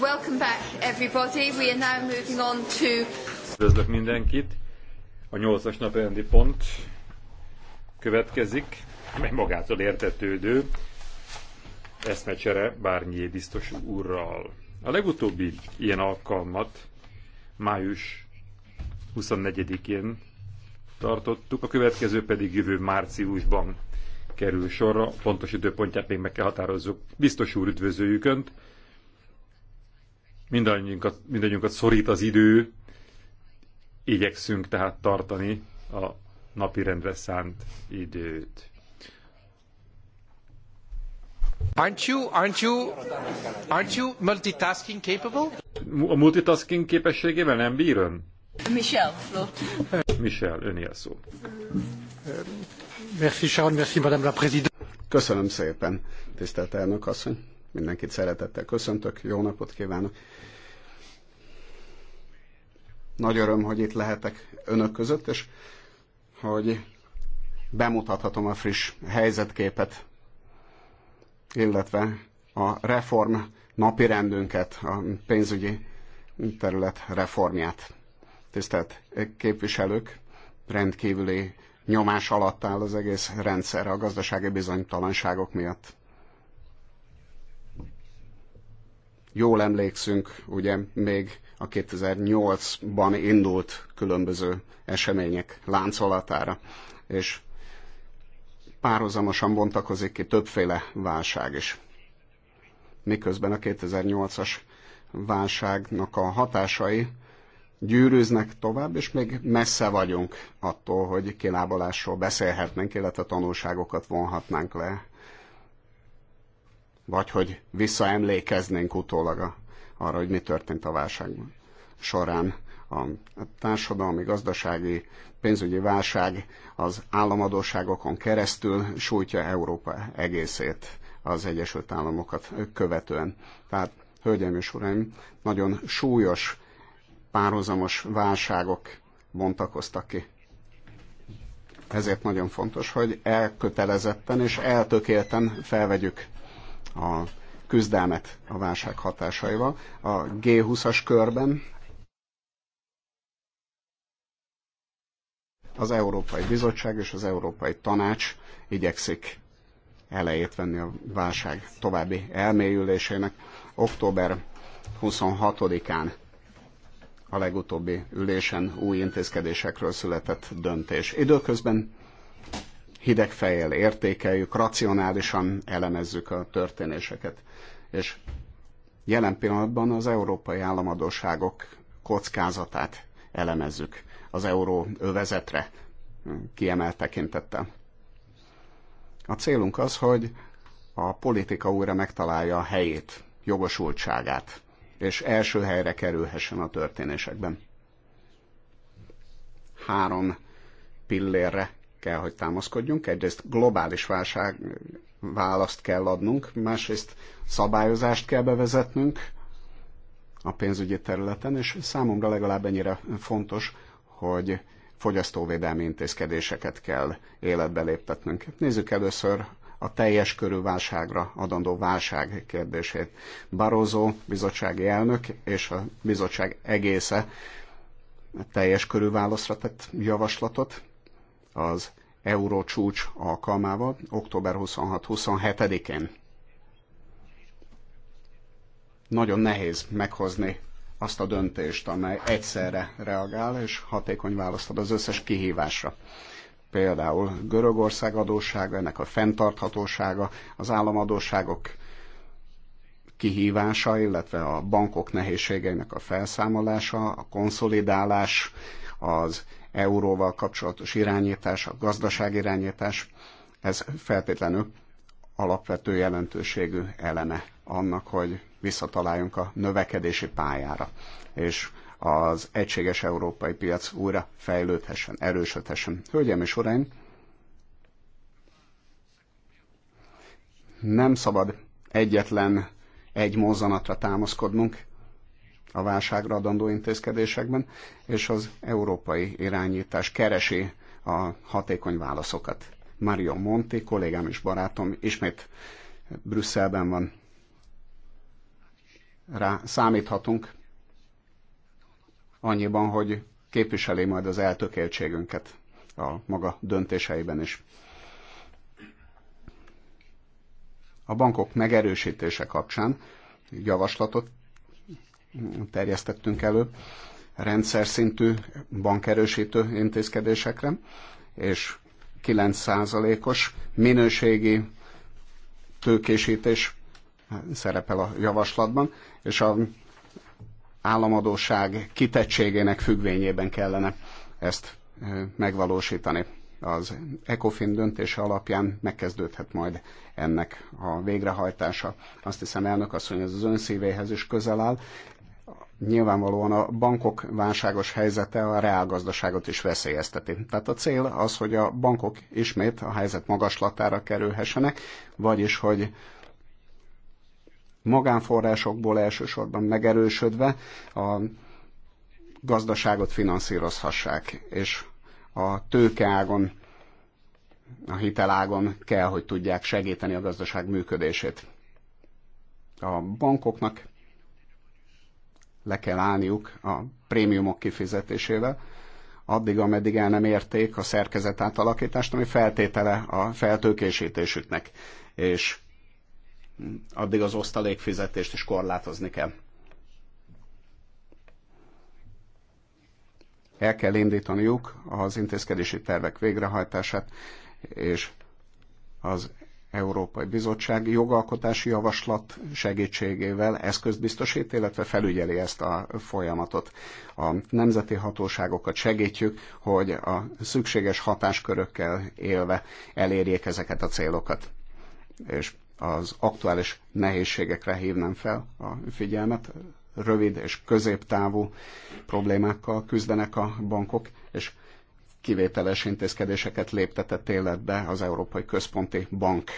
welcome back everybody. We are now moving on to... Üdvözlök mindenkit. A nyolcas napi pont következik, mely magától értetődő eszmecsere bármi biztos úrral. A legutóbbi ilyen alkalmat május 24-én tartottuk, a következő pedig jövő márciusban kerül sorra. Pontos időpontját még meg kell határozzuk. Biztos úr, üdvözöljük Önt! mindannyiunkat, mindannyiunkat szorít az idő, igyekszünk tehát tartani a napi rendre szánt időt. Aren't you, aren't you, aren't you multitasking capable? A multitasking képességével nem bír ön? Michel, Michel, öné a szó. Merci Sharon, merci Madame la Présidente. Köszönöm szépen, tisztelt elnök asszony. Mindenkit szeretettel köszöntök, jó napot kívánok! Nagy öröm, hogy itt lehetek önök között, és hogy bemutathatom a friss helyzetképet, illetve a reform napi rendünket, a pénzügyi terület reformját. Tisztelt képviselők, rendkívüli nyomás alatt áll az egész rendszer a gazdasági bizonytalanságok miatt. jól emlékszünk, ugye még a 2008-ban indult különböző események láncolatára, és párhuzamosan bontakozik ki többféle válság is. Miközben a 2008-as válságnak a hatásai gyűrűznek tovább, és még messze vagyunk attól, hogy kilábalásról beszélhetnénk, illetve tanulságokat vonhatnánk le vagy hogy visszaemlékeznénk utólag a, arra, hogy mi történt a válság során. A társadalmi, gazdasági, pénzügyi válság az államadóságokon keresztül sújtja Európa egészét az Egyesült Államokat követően. Tehát, hölgyeim és uraim, nagyon súlyos párhuzamos válságok bontakoztak ki. Ezért nagyon fontos, hogy elkötelezetten és eltökélten felvegyük a küzdelmet a válság hatásaival. A G20-as körben az Európai Bizottság és az Európai Tanács igyekszik elejét venni a válság további elmélyülésének. Október 26-án a legutóbbi ülésen új intézkedésekről született döntés. Időközben hideg fejjel értékeljük, racionálisan elemezzük a történéseket. És jelen pillanatban az európai államadóságok kockázatát elemezzük az euró övezetre kiemelt tekintettel. A célunk az, hogy a politika újra megtalálja a helyét, jogosultságát, és első helyre kerülhessen a történésekben. Három pillérre kell, hogy támaszkodjunk. Egyrészt globális válság választ kell adnunk, másrészt szabályozást kell bevezetnünk a pénzügyi területen, és számomra legalább ennyire fontos, hogy fogyasztóvédelmi intézkedéseket kell életbe léptetnünk. Nézzük először a teljes körű válságra adandó válság kérdését. Barozó bizottsági elnök és a bizottság egésze teljes körű válaszra tett javaslatot, az eurócsúcs alkalmával, október 26-27-én. Nagyon nehéz meghozni azt a döntést, amely egyszerre reagál és hatékony választ ad az összes kihívásra. Például Görögország adóssága, ennek a fenntarthatósága, az államadóságok kihívása, illetve a bankok nehézségeinek a felszámolása, a konszolidálás, az euróval kapcsolatos irányítás, a gazdaságirányítás, ez feltétlenül alapvető jelentőségű eleme annak, hogy visszataláljunk a növekedési pályára, és az egységes európai piac újra fejlődhessen, erősödhessen. Hölgyeim és uraim, nem szabad egyetlen egy mozzanatra támaszkodnunk, a válságra adandó intézkedésekben, és az európai irányítás keresi a hatékony válaszokat. Mario Monti, kollégám és barátom, ismét Brüsszelben van. Rá számíthatunk annyiban, hogy képviseli majd az eltökéltségünket a maga döntéseiben is. A bankok megerősítése kapcsán javaslatot terjesztettünk elő rendszer szintű bankerősítő intézkedésekre, és 9%-os minőségi tőkésítés szerepel a javaslatban, és a államadóság kitettségének függvényében kellene ezt megvalósítani. Az ECOFIN döntése alapján megkezdődhet majd ennek a végrehajtása. Azt hiszem, elnök asszony, ez az ön szívéhez is közel áll, nyilvánvalóan a bankok válságos helyzete a reálgazdaságot is veszélyezteti. Tehát a cél az, hogy a bankok ismét a helyzet magaslatára kerülhessenek, vagyis hogy magánforrásokból elsősorban megerősödve a gazdaságot finanszírozhassák, és a tőkeágon, a hitelágon kell, hogy tudják segíteni a gazdaság működését. A bankoknak le kell állniuk a prémiumok kifizetésével, addig, ameddig el nem érték a szerkezet átalakítást, ami feltétele a feltőkésítésüknek, és addig az osztalékfizetést is korlátozni kell. El kell indítaniuk az intézkedési tervek végrehajtását, és az Európai Bizottság jogalkotási javaslat segítségével eszközt biztosít, illetve felügyeli ezt a folyamatot. A nemzeti hatóságokat segítjük, hogy a szükséges hatáskörökkel élve elérjék ezeket a célokat. És az aktuális nehézségekre hívnám fel a figyelmet. Rövid és középtávú problémákkal küzdenek a bankok, és kivételes intézkedéseket léptetett életbe az Európai Központi Bank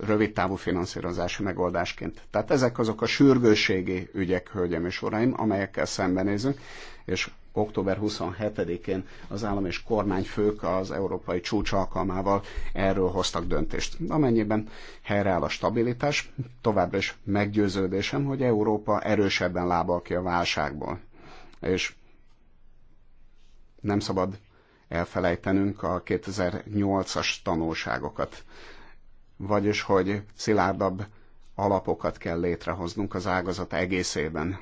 rövidtávú finanszírozási megoldásként. Tehát ezek azok a sürgőségi ügyek, hölgyem és uraim, amelyekkel szembenézünk, és október 27-én az állam és kormányfők az európai csúcs alkalmával erről hoztak döntést. Amennyiben helyreáll a stabilitás, továbbra is meggyőződésem, hogy Európa erősebben lábal ki a válságból. És nem szabad elfelejtenünk a 2008-as tanulságokat. Vagyis, hogy szilárdabb alapokat kell létrehoznunk az ágazat egészében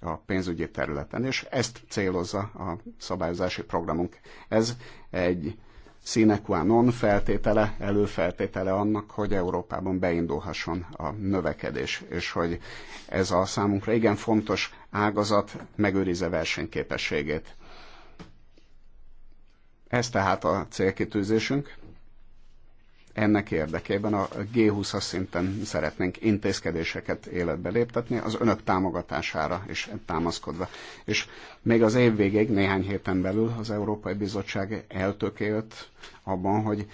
a pénzügyi területen, és ezt célozza a szabályozási programunk. Ez egy sine qua non feltétele, előfeltétele annak, hogy Európában beindulhasson a növekedés, és hogy ez a számunkra igen fontos ágazat megőrize versenyképességét. Ez tehát a célkitűzésünk. Ennek érdekében a G20-as szinten szeretnénk intézkedéseket életbe léptetni, az önök támogatására is támaszkodva. És még az év végéig, néhány héten belül az Európai Bizottság eltökélt abban, hogy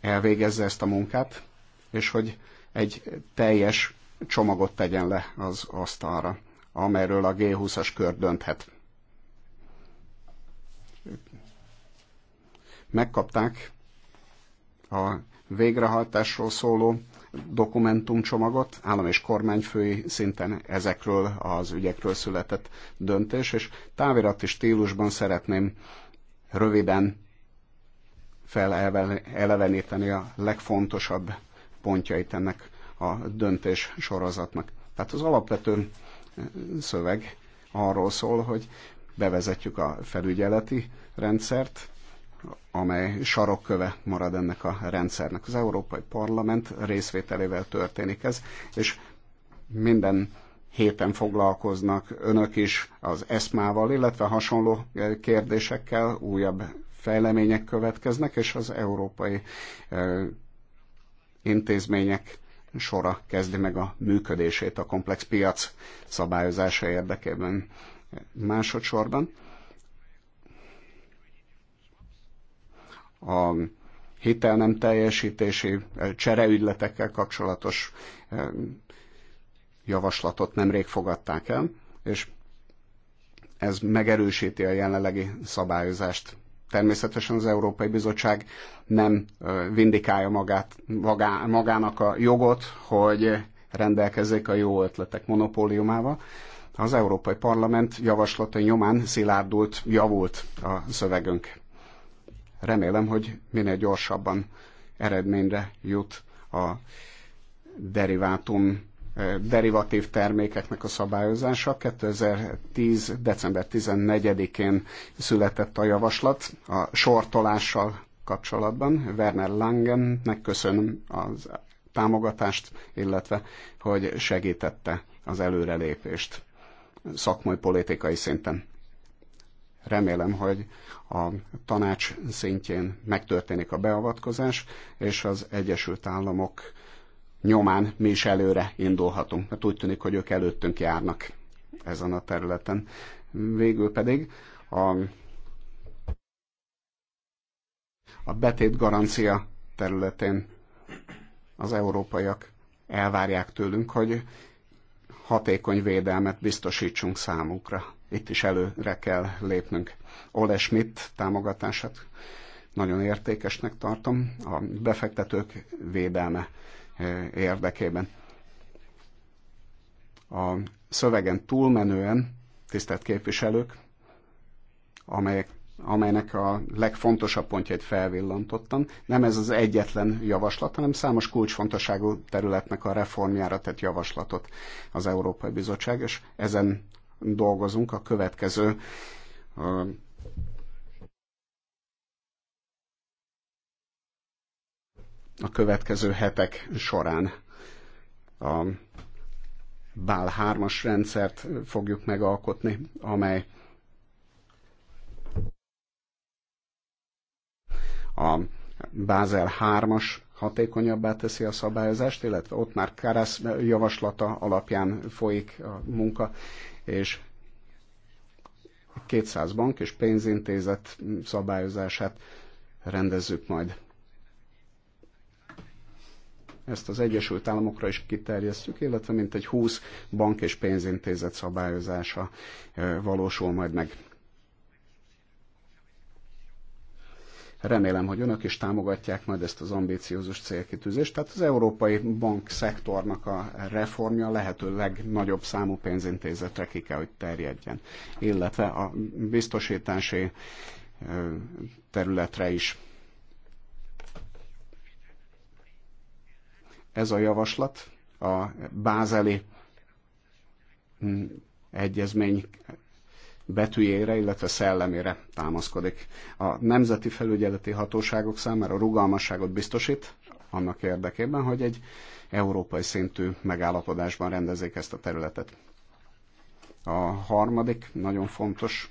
elvégezze ezt a munkát, és hogy egy teljes csomagot tegyen le az asztalra, amelyről a G20-as kör dönthet. megkapták a végrehajtásról szóló dokumentumcsomagot, állam és kormányfői szinten ezekről az ügyekről született döntés, és távirati stílusban szeretném röviden feleleveníteni a legfontosabb pontjait ennek a döntés sorozatnak. Tehát az alapvető szöveg arról szól, hogy bevezetjük a felügyeleti rendszert, amely sarokköve marad ennek a rendszernek. Az Európai Parlament részvételével történik ez, és minden héten foglalkoznak önök is az eszmával, illetve hasonló e, kérdésekkel, újabb fejlemények következnek, és az európai e, intézmények sora kezdi meg a működését a komplex piac szabályozása érdekében. Másodszorban a hitel nem teljesítési csereügyletekkel kapcsolatos javaslatot nemrég fogadták el, és ez megerősíti a jelenlegi szabályozást. Természetesen az Európai Bizottság nem vindikálja magát, magá, magának a jogot, hogy rendelkezzék a jó ötletek monopóliumával. Az Európai Parlament javaslata nyomán szilárdult, javult a szövegünk. Remélem, hogy minél gyorsabban eredményre jut a derivátum eh, derivatív termékeknek a szabályozása. 2010. december 14-én született a javaslat a sortolással kapcsolatban. Werner Langennek köszönöm az támogatást, illetve hogy segítette az előrelépést szakmai politikai szinten. Remélem, hogy a tanács szintjén megtörténik a beavatkozás, és az Egyesült Államok nyomán mi is előre indulhatunk, mert úgy tűnik, hogy ők előttünk járnak ezen a területen. Végül pedig a, a betét garancia területén az európaiak elvárják tőlünk, hogy hatékony védelmet biztosítsunk számukra itt is előre kell lépnünk. Ole Schmidt támogatását nagyon értékesnek tartom a befektetők védelme eh, érdekében. A szövegen túlmenően, tisztelt képviselők, amelyek, amelynek a legfontosabb pontjait felvillantottam. Nem ez az egyetlen javaslat, hanem számos kulcsfontosságú területnek a reformjára tett javaslatot az Európai Bizottság, és ezen dolgozunk a következő a következő hetek során. A BAL 3-as rendszert fogjuk megalkotni, amely a Bázel 3-as hatékonyabbá teszi a szabályozást, illetve ott már Karasz javaslata alapján folyik a munka, és 200 bank és pénzintézet szabályozását rendezzük majd. Ezt az Egyesült Államokra is kiterjesztjük, illetve egy 20 bank és pénzintézet szabályozása valósul majd meg. Remélem, hogy önök is támogatják majd ezt az ambíciózus célkitűzést. Tehát az európai bank szektornak a reformja lehető legnagyobb számú pénzintézetre ki kell, hogy terjedjen, illetve a biztosítási területre is. Ez a javaslat a bázeli mm, egyezmény betűjére, illetve szellemére támaszkodik. A nemzeti felügyeleti hatóságok számára rugalmasságot biztosít annak érdekében, hogy egy európai szintű megállapodásban rendezik ezt a területet. A harmadik nagyon fontos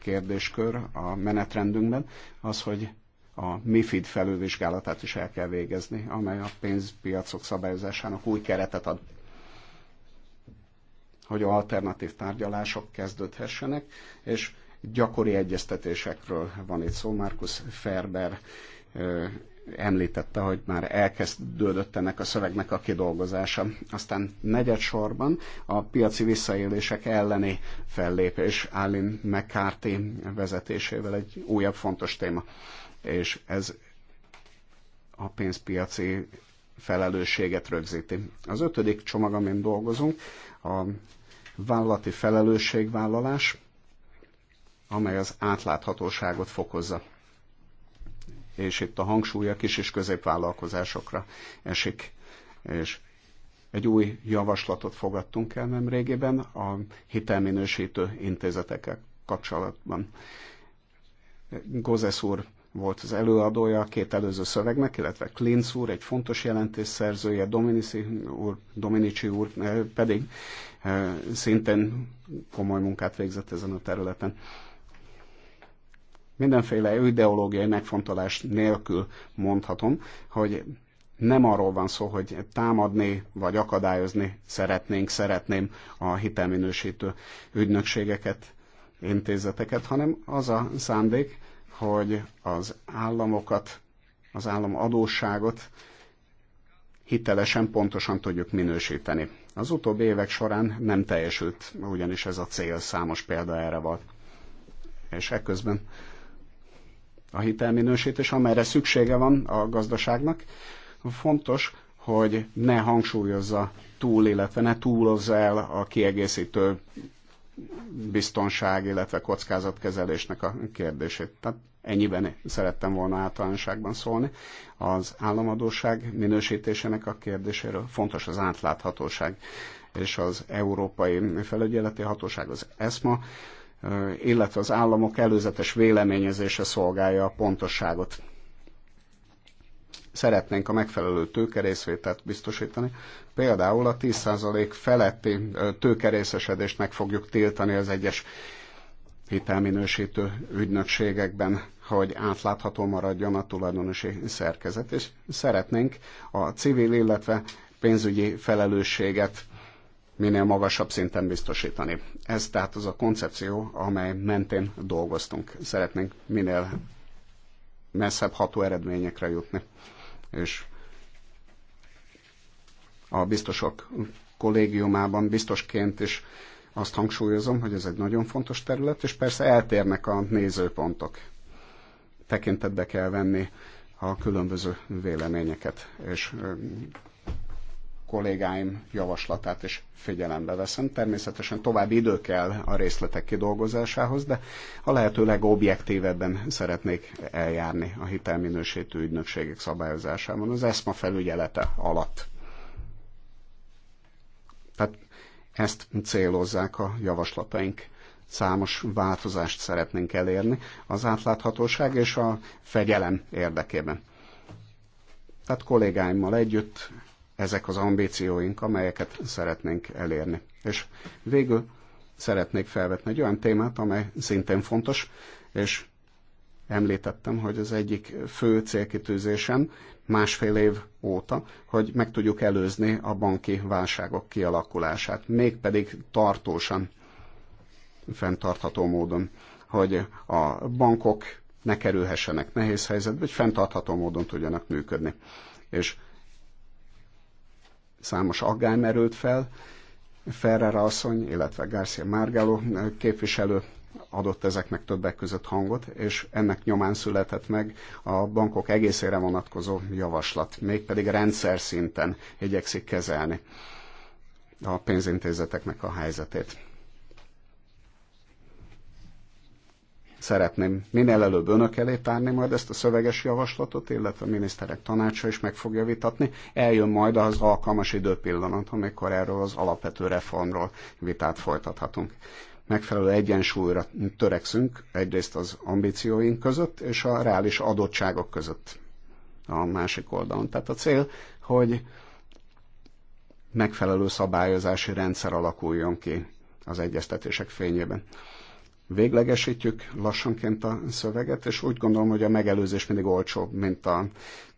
kérdéskör a menetrendünkben az, hogy a MIFID felülvizsgálatát is el kell végezni, amely a pénzpiacok szabályozásának új keretet ad hogy alternatív tárgyalások kezdődhessenek, és gyakori egyeztetésekről van itt szó. Markus Ferber említette, hogy már elkezdődött ennek a szövegnek a kidolgozása. Aztán negyed sorban a piaci visszaélések elleni fellépés Állin McCarthy vezetésével egy újabb fontos téma. És ez a pénzpiaci felelősséget rögzíti. Az ötödik csomag, amin dolgozunk, a vállalati felelősségvállalás, amely az átláthatóságot fokozza. És itt a hangsúly a kis és középvállalkozásokra esik. És egy új javaslatot fogadtunk el nemrégiben a hitelminősítő intézetekkel kapcsolatban. Gozesz úr volt az előadója a két előző szövegnek, illetve Klinz úr, egy fontos jelentés szerzője, Dominici úr, Dominici úr eh, pedig eh, szintén komoly munkát végzett ezen a területen. Mindenféle ideológiai megfontolás nélkül mondhatom, hogy nem arról van szó, hogy támadni vagy akadályozni szeretnénk, szeretném a hitelminősítő ügynökségeket, intézeteket, hanem az a szándék, hogy az államokat, az állam adósságot hitelesen, pontosan tudjuk minősíteni. Az utóbbi évek során nem teljesült, ugyanis ez a cél számos példa erre volt. És ekközben a hitelminősítés, amelyre szüksége van a gazdaságnak, fontos, hogy ne hangsúlyozza túl, illetve ne túlozza el a kiegészítő biztonság, illetve kockázatkezelésnek a kérdését. Tehát ennyiben szerettem volna általánosságban szólni. Az államadóság minősítésének a kérdéséről fontos az átláthatóság, és az Európai Felügyeleti Hatóság, az ESMA, illetve az államok előzetes véleményezése szolgálja a pontosságot szeretnénk a megfelelő tőkerészvételt biztosítani, Például a 10% feletti tőkerészesedést meg fogjuk tiltani az egyes hitelminősítő ügynökségekben, hogy átlátható maradjon a tulajdonosi szerkezet, és szeretnénk a civil, illetve pénzügyi felelősséget minél magasabb szinten biztosítani. Ez tehát az a koncepció, amely mentén dolgoztunk. Szeretnénk minél messzebb ható eredményekre jutni. És a biztosok kollégiumában biztosként is azt hangsúlyozom, hogy ez egy nagyon fontos terület, és persze eltérnek a nézőpontok. Tekintetbe kell venni a különböző véleményeket, és kollégáim javaslatát is figyelembe veszem. Természetesen további idő kell a részletek kidolgozásához, de a lehető legobjektívebben szeretnék eljárni a hitelminősítő ügynökségek szabályozásában, az ESMA felügyelete alatt. Ezt célozzák a javaslataink. Számos változást szeretnénk elérni az átláthatóság és a fegyelem érdekében. Tehát kollégáimmal együtt ezek az ambícióink, amelyeket szeretnénk elérni. És végül szeretnék felvetni egy olyan témát, amely szintén fontos, és említettem, hogy az egyik fő célkitűzésem másfél év óta, hogy meg tudjuk előzni a banki válságok kialakulását, mégpedig tartósan, fenntartható módon, hogy a bankok ne kerülhessenek nehéz helyzetbe, hogy fenntartható módon tudjanak működni. És számos aggály merült fel, Ferrer asszony, illetve Garcia Margalo képviselő adott ezeknek többek között hangot, és ennek nyomán született meg a bankok egészére vonatkozó javaslat, mégpedig rendszer szinten igyekszik kezelni a pénzintézeteknek a helyzetét. Szeretném minél előbb önök elé tárni majd ezt a szöveges javaslatot, illetve a miniszterek tanácsa is meg fogja vitatni. Eljön majd az alkalmas időpillanat, amikor erről az alapvető reformról vitát folytathatunk megfelelő egyensúlyra törekszünk egyrészt az ambícióink között és a reális adottságok között a másik oldalon. Tehát a cél, hogy megfelelő szabályozási rendszer alakuljon ki az egyeztetések fényében. Véglegesítjük lassanként a szöveget, és úgy gondolom, hogy a megelőzés mindig olcsóbb, mint a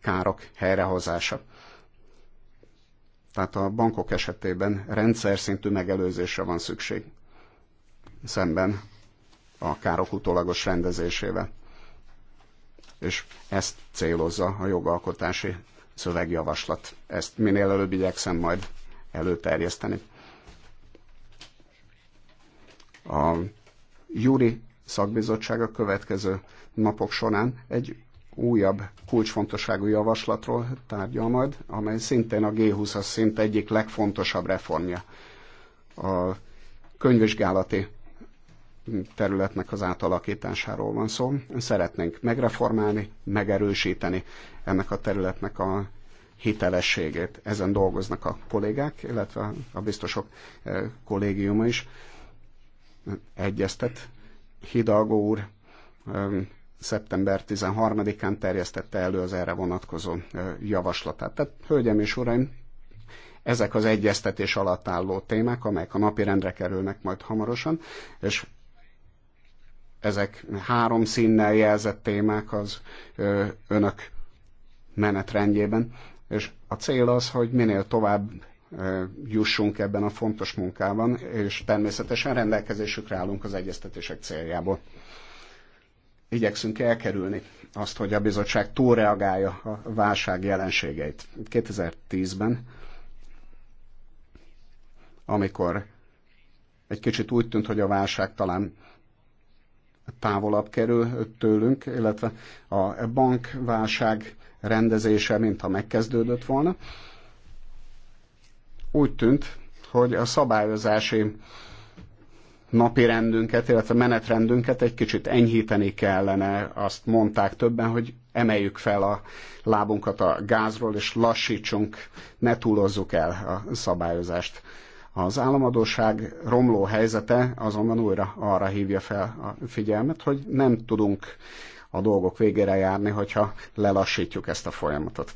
károk helyrehozása. Tehát a bankok esetében rendszer szintű megelőzésre van szükség szemben a károk utólagos rendezésével. És ezt célozza a jogalkotási szövegjavaslat. Ezt minél előbb igyekszem majd előterjeszteni. A Júri szakbizottság a következő napok során egy újabb kulcsfontosságú javaslatról tárgyal majd, amely szintén a G20-as szint egyik legfontosabb reformja. A könyvvizsgálati területnek az átalakításáról van szó. Szeretnénk megreformálni, megerősíteni ennek a területnek a hitelességét. Ezen dolgoznak a kollégák, illetve a biztosok eh, kollégiuma is egyeztet. Hidalgó úr eh, szeptember 13-án terjesztette elő az erre vonatkozó eh, javaslatát. Tehát, hölgyem és uraim, ezek az egyeztetés alatt álló témák, amelyek a napirendre kerülnek majd hamarosan, és ezek három színnel jelzett témák az önök menetrendjében, és a cél az, hogy minél tovább jussunk ebben a fontos munkában, és természetesen rendelkezésükre állunk az egyeztetések céljából. Igyekszünk elkerülni azt, hogy a bizottság túlreagálja a válság jelenségeit. 2010-ben, amikor egy kicsit úgy tűnt, hogy a válság talán távolabb kerül tőlünk, illetve a bankválság rendezése, ha megkezdődött volna. Úgy tűnt, hogy a szabályozási napi rendünket, illetve menetrendünket egy kicsit enyhíteni kellene. Azt mondták többen, hogy emeljük fel a lábunkat a gázról, és lassítsunk, ne túlozzuk el a szabályozást. Az államadóság romló helyzete azonban újra arra hívja fel a figyelmet, hogy nem tudunk a dolgok végére járni, hogyha lelassítjuk ezt a folyamatot.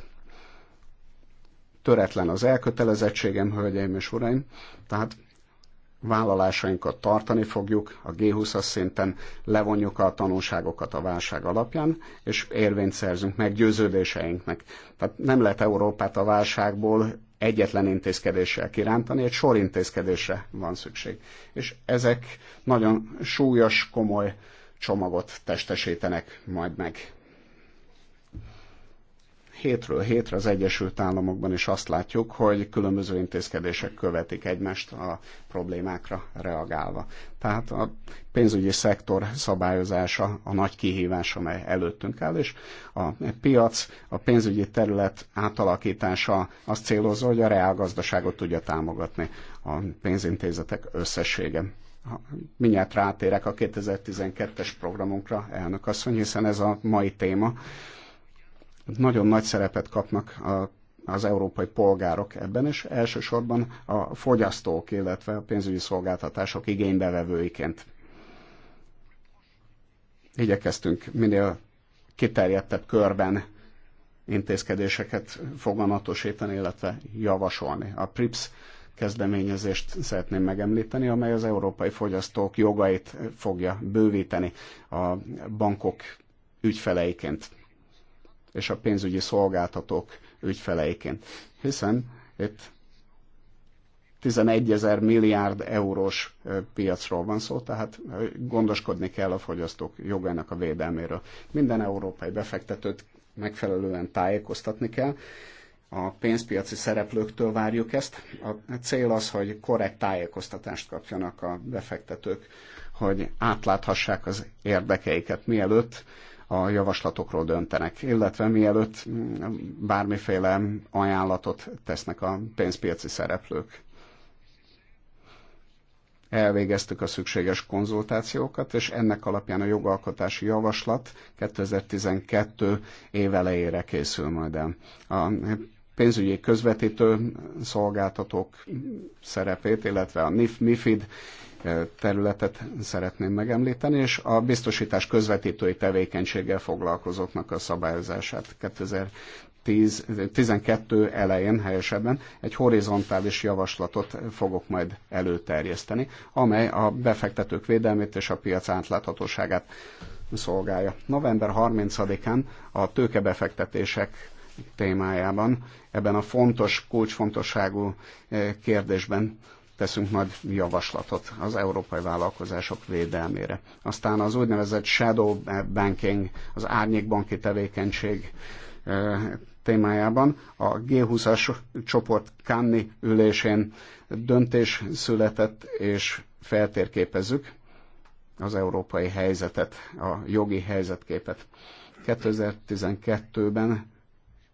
Töretlen az elkötelezettségem, hölgyeim és uraim, tehát vállalásainkat tartani fogjuk, a G20-as szinten levonjuk a tanulságokat a válság alapján, és érvényt szerzünk győződéseinknek. Tehát nem lehet Európát a válságból egyetlen intézkedéssel kirántani, egy sor intézkedésre van szükség. És ezek nagyon súlyos, komoly csomagot testesítenek majd meg hétről hétre az Egyesült Államokban is azt látjuk, hogy különböző intézkedések követik egymást a problémákra reagálva. Tehát a pénzügyi szektor szabályozása a nagy kihívás, amely előttünk áll, és a piac, a pénzügyi terület átalakítása azt célozza, hogy a reálgazdaságot tudja támogatni a pénzintézetek összessége mindjárt rátérek a 2012-es programunkra, elnök asszony, hiszen ez a mai téma nagyon nagy szerepet kapnak a, az európai polgárok ebben, és elsősorban a fogyasztók, illetve a pénzügyi szolgáltatások igénybevevőiként. Igyekeztünk minél kiterjedtebb körben intézkedéseket foganatosítani, illetve javasolni. A PRIPS kezdeményezést szeretném megemlíteni, amely az európai fogyasztók jogait fogja bővíteni a bankok ügyfeleiként és a pénzügyi szolgáltatók ügyfeleiként. Hiszen itt 11 ezer milliárd eurós piacról van szó, tehát gondoskodni kell a fogyasztók jogának a védelméről. Minden európai befektetőt megfelelően tájékoztatni kell. A pénzpiaci szereplőktől várjuk ezt. A cél az, hogy korrekt tájékoztatást kapjanak a befektetők, hogy átláthassák az érdekeiket, mielőtt a javaslatokról döntenek, illetve mielőtt bármiféle ajánlatot tesznek a pénzpiaci szereplők. Elvégeztük a szükséges konzultációkat, és ennek alapján a jogalkotási javaslat 2012 elejére készül majd el. A pénzügyi közvetítő szolgáltatók szerepét, illetve a NIF, MIFID területet szeretném megemlíteni, és a biztosítás közvetítői tevékenységgel foglalkozóknak a szabályozását 2010, 12 elején helyesebben egy horizontális javaslatot fogok majd előterjeszteni, amely a befektetők védelmét és a piac átláthatóságát szolgálja. November 30-án a tőkebefektetések témájában, ebben a fontos, kulcsfontosságú kérdésben teszünk majd javaslatot az európai vállalkozások védelmére. Aztán az úgynevezett shadow banking, az árnyékbanki tevékenység eh, témájában a G20-as csoport Kanni ülésén döntés született, és feltérképezzük az európai helyzetet, a jogi helyzetképet. 2012-ben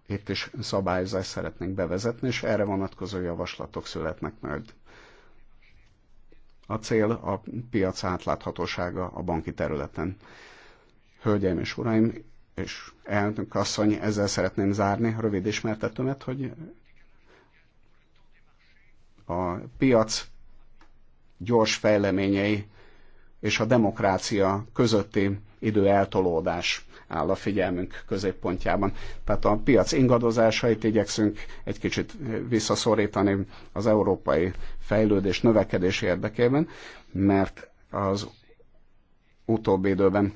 itt is szabályozást szeretnénk bevezetni, és erre vonatkozó javaslatok születnek majd. A cél a piac átláthatósága a banki területen. Hölgyeim és uraim, és elnök asszony, ezzel szeretném zárni a rövid ismertetőmet, hogy a piac gyors fejleményei és a demokrácia közötti időeltolódás áll a figyelmünk középpontjában. Tehát a piac ingadozásait igyekszünk egy kicsit visszaszorítani az európai fejlődés, növekedés érdekében, mert az utóbbi időben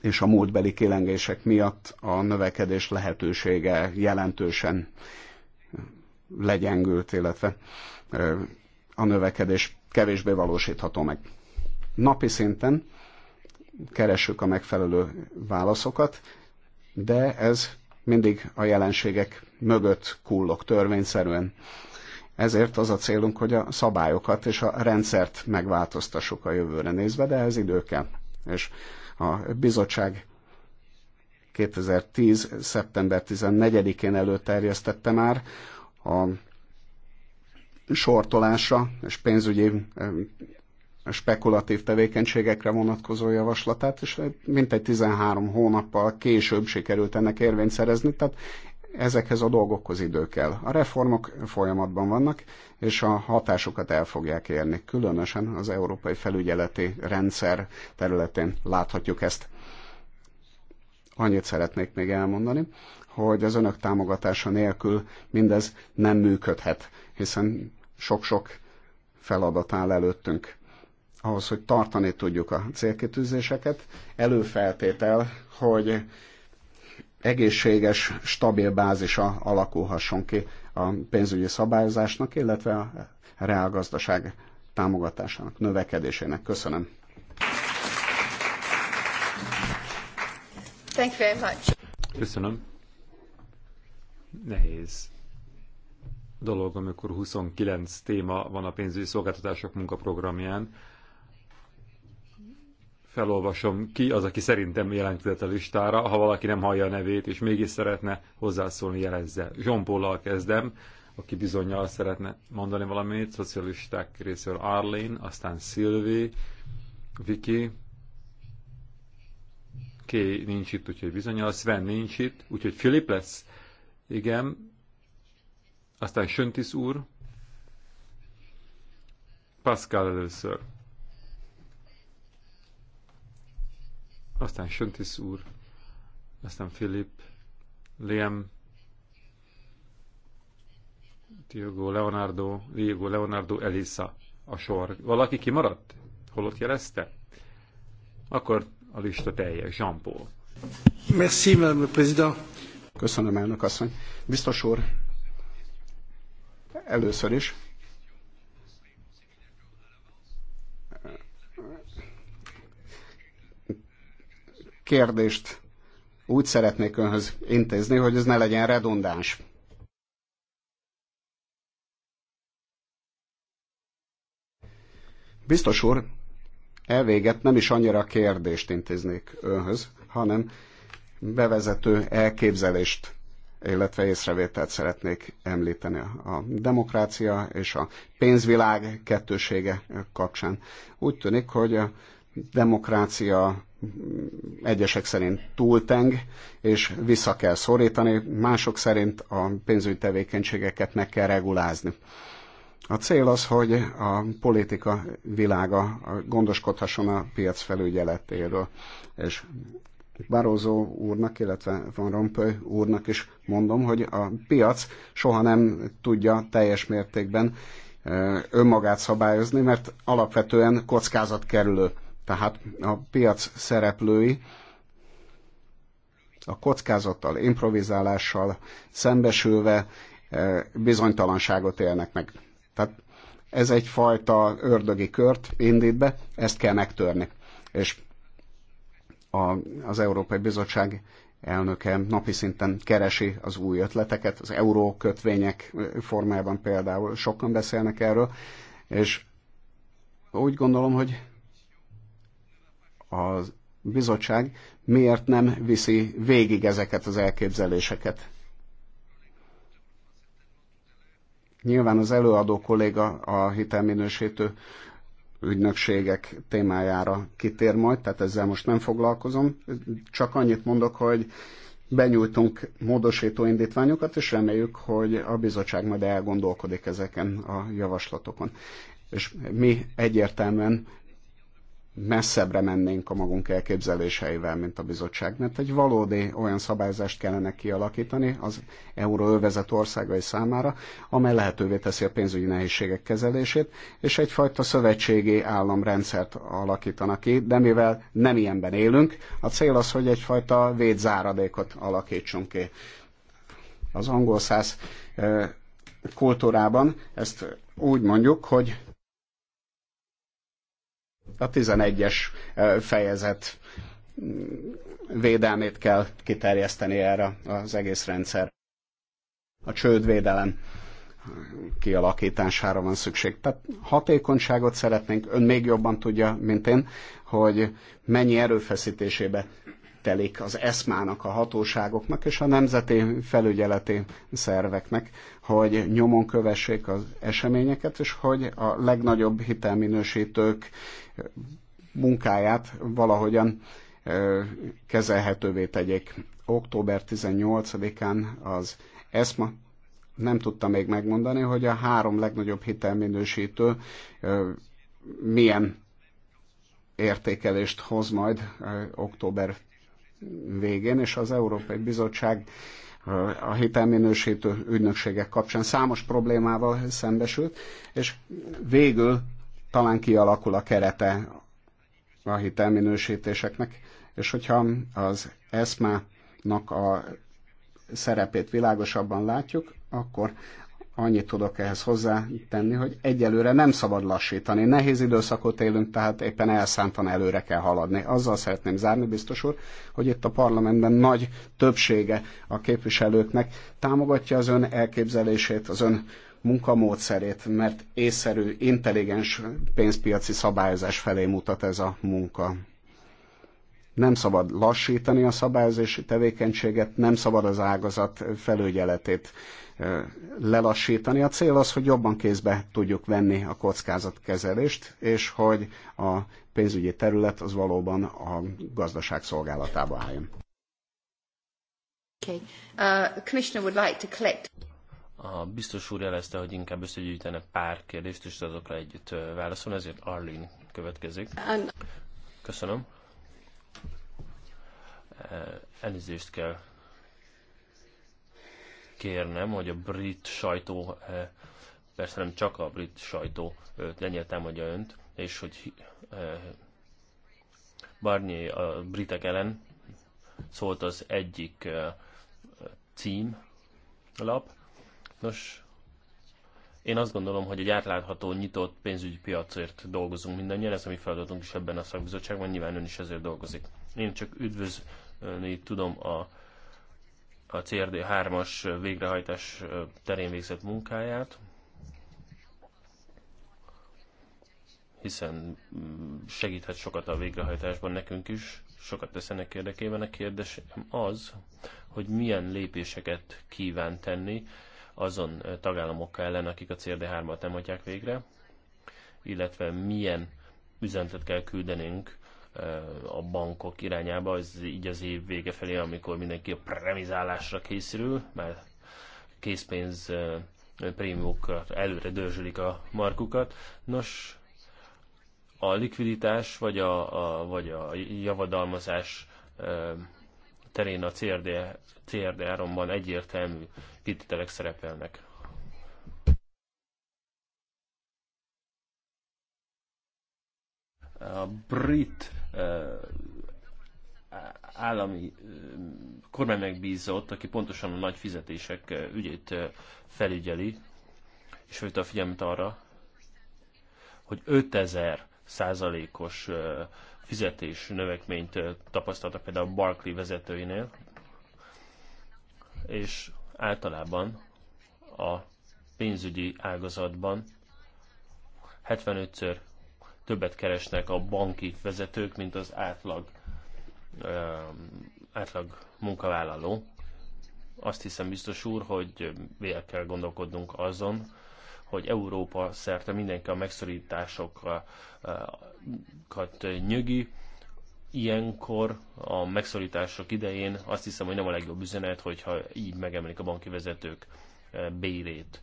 és a múltbeli kilengések miatt a növekedés lehetősége jelentősen legyengült, illetve a növekedés kevésbé valósítható meg. Napi szinten keressük a megfelelő válaszokat, de ez mindig a jelenségek mögött kullog törvényszerűen. Ezért az a célunk, hogy a szabályokat és a rendszert megváltoztassuk a jövőre nézve, de ez idő kell. És a bizottság 2010. szeptember 14-én előterjesztette már a sortolásra és pénzügyi spekulatív tevékenységekre vonatkozó javaslatát, és mintegy 13 hónappal később sikerült ennek érvényt szerezni, tehát ezekhez a dolgokhoz idő kell. A reformok folyamatban vannak, és a hatásokat el fogják érni, különösen az európai felügyeleti rendszer területén láthatjuk ezt. Annyit szeretnék még elmondani, hogy az önök támogatása nélkül mindez nem működhet, hiszen sok-sok feladat áll előttünk ahhoz, hogy tartani tudjuk a célkitűzéseket, előfeltétel, hogy egészséges, stabil bázisa alakulhasson ki a pénzügyi szabályozásnak, illetve a reálgazdaság támogatásának, növekedésének. Köszönöm. Thank you very much. Köszönöm. Nehéz dolog, amikor 29 téma van a pénzügyi szolgáltatások munkaprogramján felolvasom ki az, aki szerintem jelentkezett a listára, ha valaki nem hallja a nevét, és mégis szeretne hozzászólni, jelezze. Zsompóllal kezdem, aki bizonyal szeretne mondani valamit, szocialisták részéről Arlene, aztán Szilvi, Viki, Ké nincs itt, úgyhogy bizonyal, Sven nincs itt, úgyhogy Filip lesz. Igen. Aztán Söntis úr. Pascal először. aztán Söntis úr, aztán Philip, Liam, Diego, Leonardo, Diego Leonardo Elisa a sor. Valaki kimaradt? Holott jelezte? Akkor a lista teljes. Jean-Paul. Merci, Madame le Président. Köszönöm, elnök asszony. Biztos úr, először is kérdést úgy szeretnék önhöz intézni, hogy ez ne legyen redundáns. Biztos úr, elvéget nem is annyira kérdést intéznék önhöz, hanem bevezető elképzelést, illetve észrevételt szeretnék említeni a demokrácia és a pénzvilág kettősége kapcsán. Úgy tűnik, hogy a demokrácia egyesek szerint túlteng, és vissza kell szorítani, mások szerint a pénzügyi tevékenységeket meg kell regulázni. A cél az, hogy a politika világa gondoskodhasson a piac felügyeletéről, és Barózó úrnak, illetve Van Rompuy úrnak is mondom, hogy a piac soha nem tudja teljes mértékben önmagát szabályozni, mert alapvetően kockázatkerülő tehát a piac szereplői a kockázattal, improvizálással szembesülve eh, bizonytalanságot élnek meg. Tehát ez egyfajta ördögi kört indít be, ezt kell megtörni. És a, az Európai Bizottság elnöke napi szinten keresi az új ötleteket, az euró kötvények eh, formájában például sokan beszélnek erről, és úgy gondolom, hogy a bizottság miért nem viszi végig ezeket az elképzeléseket. Nyilván az előadó kolléga a hitelminősítő ügynökségek témájára kitér majd, tehát ezzel most nem foglalkozom. Csak annyit mondok, hogy benyújtunk módosító indítványokat, és reméljük, hogy a bizottság majd elgondolkodik ezeken a javaslatokon. És mi egyértelműen messzebbre mennénk a magunk elképzeléseivel, mint a bizottság, mert egy valódi olyan szabályzást kellene kialakítani az euróövezet országai számára, amely lehetővé teszi a pénzügyi nehézségek kezelését, és egyfajta szövetségi államrendszert alakítanak ki, de mivel nem ilyenben élünk, a cél az, hogy egyfajta védzáradékot alakítsunk ki. Az angol száz kultúrában ezt úgy mondjuk, hogy a 11-es fejezet védelmét kell kiterjeszteni erre az egész rendszer. A csődvédelem kialakítására van szükség. Tehát hatékonyságot szeretnénk, ön még jobban tudja, mint én, hogy mennyi erőfeszítésébe telik az eszmának, a hatóságoknak és a nemzeti felügyeleti szerveknek, hogy nyomon kövessék az eseményeket, és hogy a legnagyobb hitelminősítők munkáját valahogyan kezelhetővé tegyék. Október 18-án az ESMA nem tudta még megmondani, hogy a három legnagyobb hitelminősítő milyen értékelést hoz majd október végén, és az Európai Bizottság a hitelminősítő ügynökségek kapcsán számos problémával szembesült, és végül talán kialakul a kerete a hitelminősítéseknek, és hogyha az ESMA-nak a szerepét világosabban látjuk, akkor annyit tudok ehhez hozzátenni, hogy egyelőre nem szabad lassítani. Nehéz időszakot élünk, tehát éppen elszántan előre kell haladni. Azzal szeretném zárni, biztos úr, hogy itt a parlamentben nagy többsége a képviselőknek támogatja az ön elképzelését, az ön munkamódszerét, mert észszerű, intelligens pénzpiaci szabályozás felé mutat ez a munka. Nem szabad lassítani a szabályozási tevékenységet, nem szabad az ágazat felügyeletét lelassítani. A cél az, hogy jobban kézbe tudjuk venni a kockázatkezelést, és hogy a pénzügyi terület az valóban a gazdaság szolgálatába álljon. Okay. Uh, commissioner would like to collect... A biztos úr jelezte, hogy inkább összegyűjtene pár kérdést, és azokra együtt válaszol, ezért Arlene következik. Köszönöm. Elnézést kell kérnem, hogy a brit sajtó, eh, persze nem csak a brit sajtó, eh, lengyel támadja önt, és hogy eh, Barnier a britek ellen szólt az egyik cím lap. Nos, én azt gondolom, hogy egy átlátható, nyitott pénzügyi piacért dolgozunk mindannyian, ez a mi feladatunk is ebben a szakbizottságban, nyilván ön is ezért dolgozik. Én csak üdvözlni tudom a a CRD 3-as végrehajtás terén végzett munkáját, hiszen mm, segíthet sokat a végrehajtásban nekünk is, sokat tesz ennek érdekében. A kérdésem az, hogy milyen lépéseket kíván tenni azon tagállamok ellen, akik a CRD3-at nem hagyják végre, illetve milyen üzenetet kell küldenünk a bankok irányába, az így az év vége felé, amikor mindenki a premizálásra készül, mert készpénz prémiókat előre dörzsölik a markukat. Nos, a likviditás vagy a, a, vagy a javadalmazás terén a CRD, crd 3 egyértelmű kitételek szerepelnek. A brit állami kormány megbízott, aki pontosan a nagy fizetések ügyét felügyeli, és felhívta a figyelmet arra, hogy 5000 százalékos fizetés növekményt tapasztaltak például a Barclay vezetőinél, és általában a pénzügyi ágazatban 75-ször többet keresnek a banki vezetők, mint az átlag, átlag munkavállaló. Azt hiszem biztos úr, hogy végre kell gondolkodnunk azon, hogy Európa szerte mindenki a megszorításokat eh, nyögi. Ilyenkor a megszorítások idején azt hiszem, hogy nem a legjobb üzenet, hogyha így megemelik a banki vezetők eh, bérét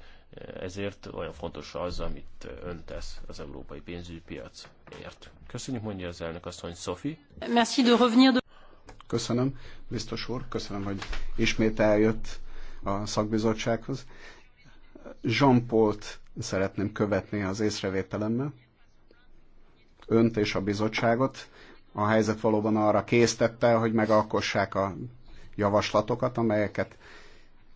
ezért olyan fontos az, amit ön tesz az európai pénzügyi piacért. Köszönjük, mondja az elnök asszony Sophie. Merci de revenir de... Köszönöm, biztos úr, köszönöm, hogy ismét eljött a szakbizottsághoz. Jean Pault szeretném követni az észrevételemmel. Önt és a bizottságot. A helyzet valóban arra késztette, hogy megalkossák a javaslatokat, amelyeket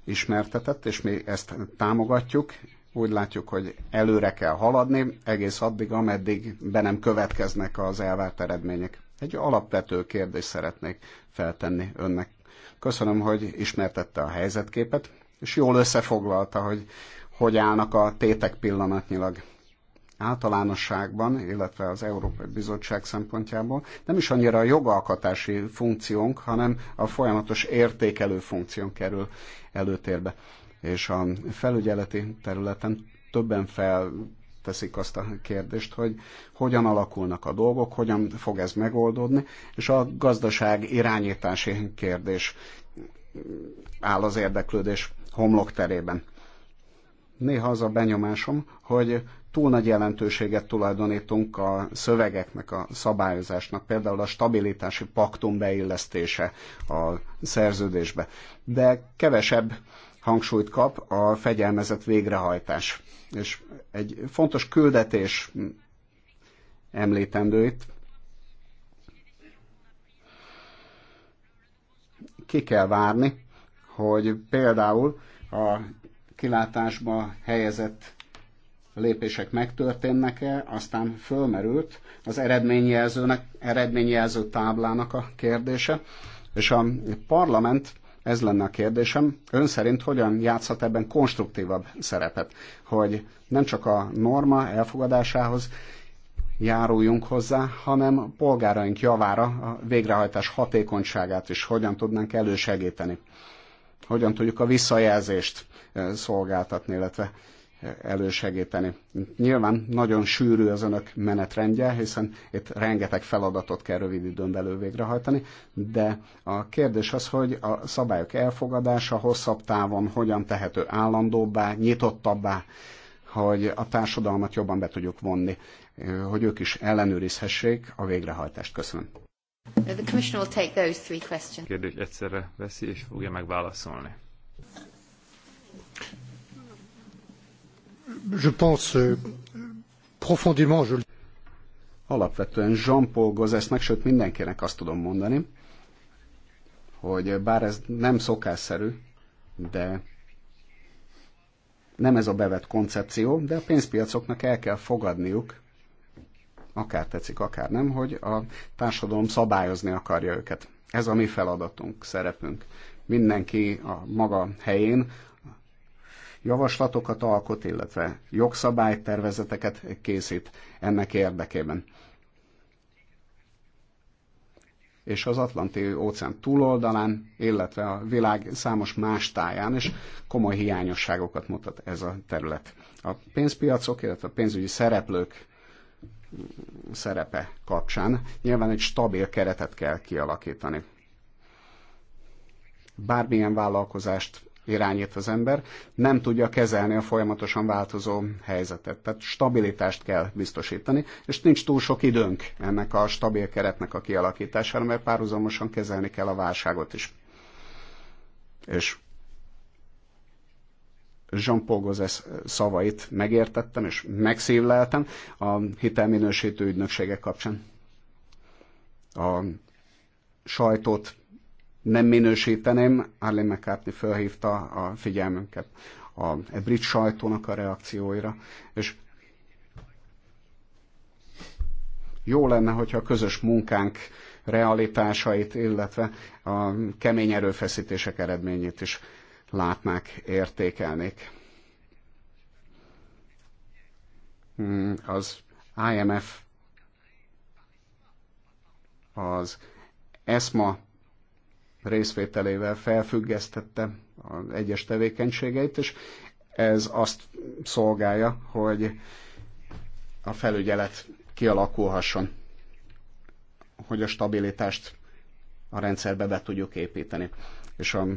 ismertetett, és mi ezt támogatjuk. Úgy látjuk, hogy előre kell haladni, egész addig, ameddig be nem következnek az elvárt eredmények. Egy alapvető kérdést szeretnék feltenni önnek. Köszönöm, hogy ismertette a helyzetképet, és jól összefoglalta, hogy hogy állnak a tétek pillanatnyilag általánosságban, illetve az Európai Bizottság szempontjából nem is annyira a jogalkatási funkciónk, hanem a folyamatos értékelő funkción kerül előtérbe. És a felügyeleti területen többen fel teszik azt a kérdést, hogy hogyan alakulnak a dolgok, hogyan fog ez megoldódni, és a gazdaság irányítási kérdés áll az érdeklődés homlokterében. Néha az a benyomásom, hogy túl nagy jelentőséget tulajdonítunk a szövegeknek, a szabályozásnak, például a stabilitási paktum beillesztése a szerződésbe. De kevesebb hangsúlyt kap a fegyelmezett végrehajtás. És egy fontos küldetés említendő itt. Ki kell várni, hogy például a kilátásba helyezett lépések megtörténnek-e, aztán fölmerült az eredményjelzőnek, eredményjelző táblának a kérdése, és a parlament ez lenne a kérdésem. Ön szerint hogyan játszhat ebben konstruktívabb szerepet, hogy nem csak a norma elfogadásához járuljunk hozzá, hanem a polgáraink javára a végrehajtás hatékonyságát is hogyan tudnánk elősegíteni. Hogyan tudjuk a visszajelzést eh, szolgáltatni, illetve elősegíteni. Nyilván nagyon sűrű az önök menetrendje, hiszen itt rengeteg feladatot kell rövid időn belül végrehajtani, de a kérdés az, hogy a szabályok elfogadása hosszabb távon hogyan tehető állandóbbá, nyitottabbá, hogy a társadalmat jobban be tudjuk vonni, hogy ők is ellenőrizhessék a végrehajtást. Köszönöm. The commissioner will take those three questions. Kérdés egyszerre veszi és fogja megválaszolni. je pense euh, profondément, je... Alapvetően Jean-Paul Gozesnek, sőt mindenkinek azt tudom mondani, hogy bár ez nem szokásszerű, de nem ez a bevett koncepció, de a pénzpiacoknak el kell fogadniuk, akár tetszik, akár nem, hogy a társadalom szabályozni akarja őket. Ez a mi feladatunk, szerepünk. Mindenki a maga helyén javaslatokat alkot, illetve jogszabálytervezeteket készít ennek érdekében. És az Atlanti óceán túloldalán, illetve a világ számos más táján is komoly hiányosságokat mutat ez a terület. A pénzpiacok, illetve a pénzügyi szereplők szerepe kapcsán nyilván egy stabil keretet kell kialakítani bármilyen vállalkozást irányít az ember, nem tudja kezelni a folyamatosan változó helyzetet. Tehát stabilitást kell biztosítani, és nincs túl sok időnk ennek a stabil keretnek a kialakítására, mert párhuzamosan kezelni kell a válságot is. És Jean-Paul Gauzes szavait megértettem és megszívleltem a hitelminősítő ügynökségek kapcsán. A sajtót nem minősíteném, Arlene McCartney felhívta a figyelmünket a, a e brit sajtónak a reakcióira, és jó lenne, hogyha a közös munkánk realitásait, illetve a kemény erőfeszítések eredményét is látnák, értékelnék. Hmm, az IMF, az ESMA részvételével felfüggesztette az egyes tevékenységeit, és ez azt szolgálja, hogy a felügyelet kialakulhasson, hogy a stabilitást a rendszerbe be tudjuk építeni. És a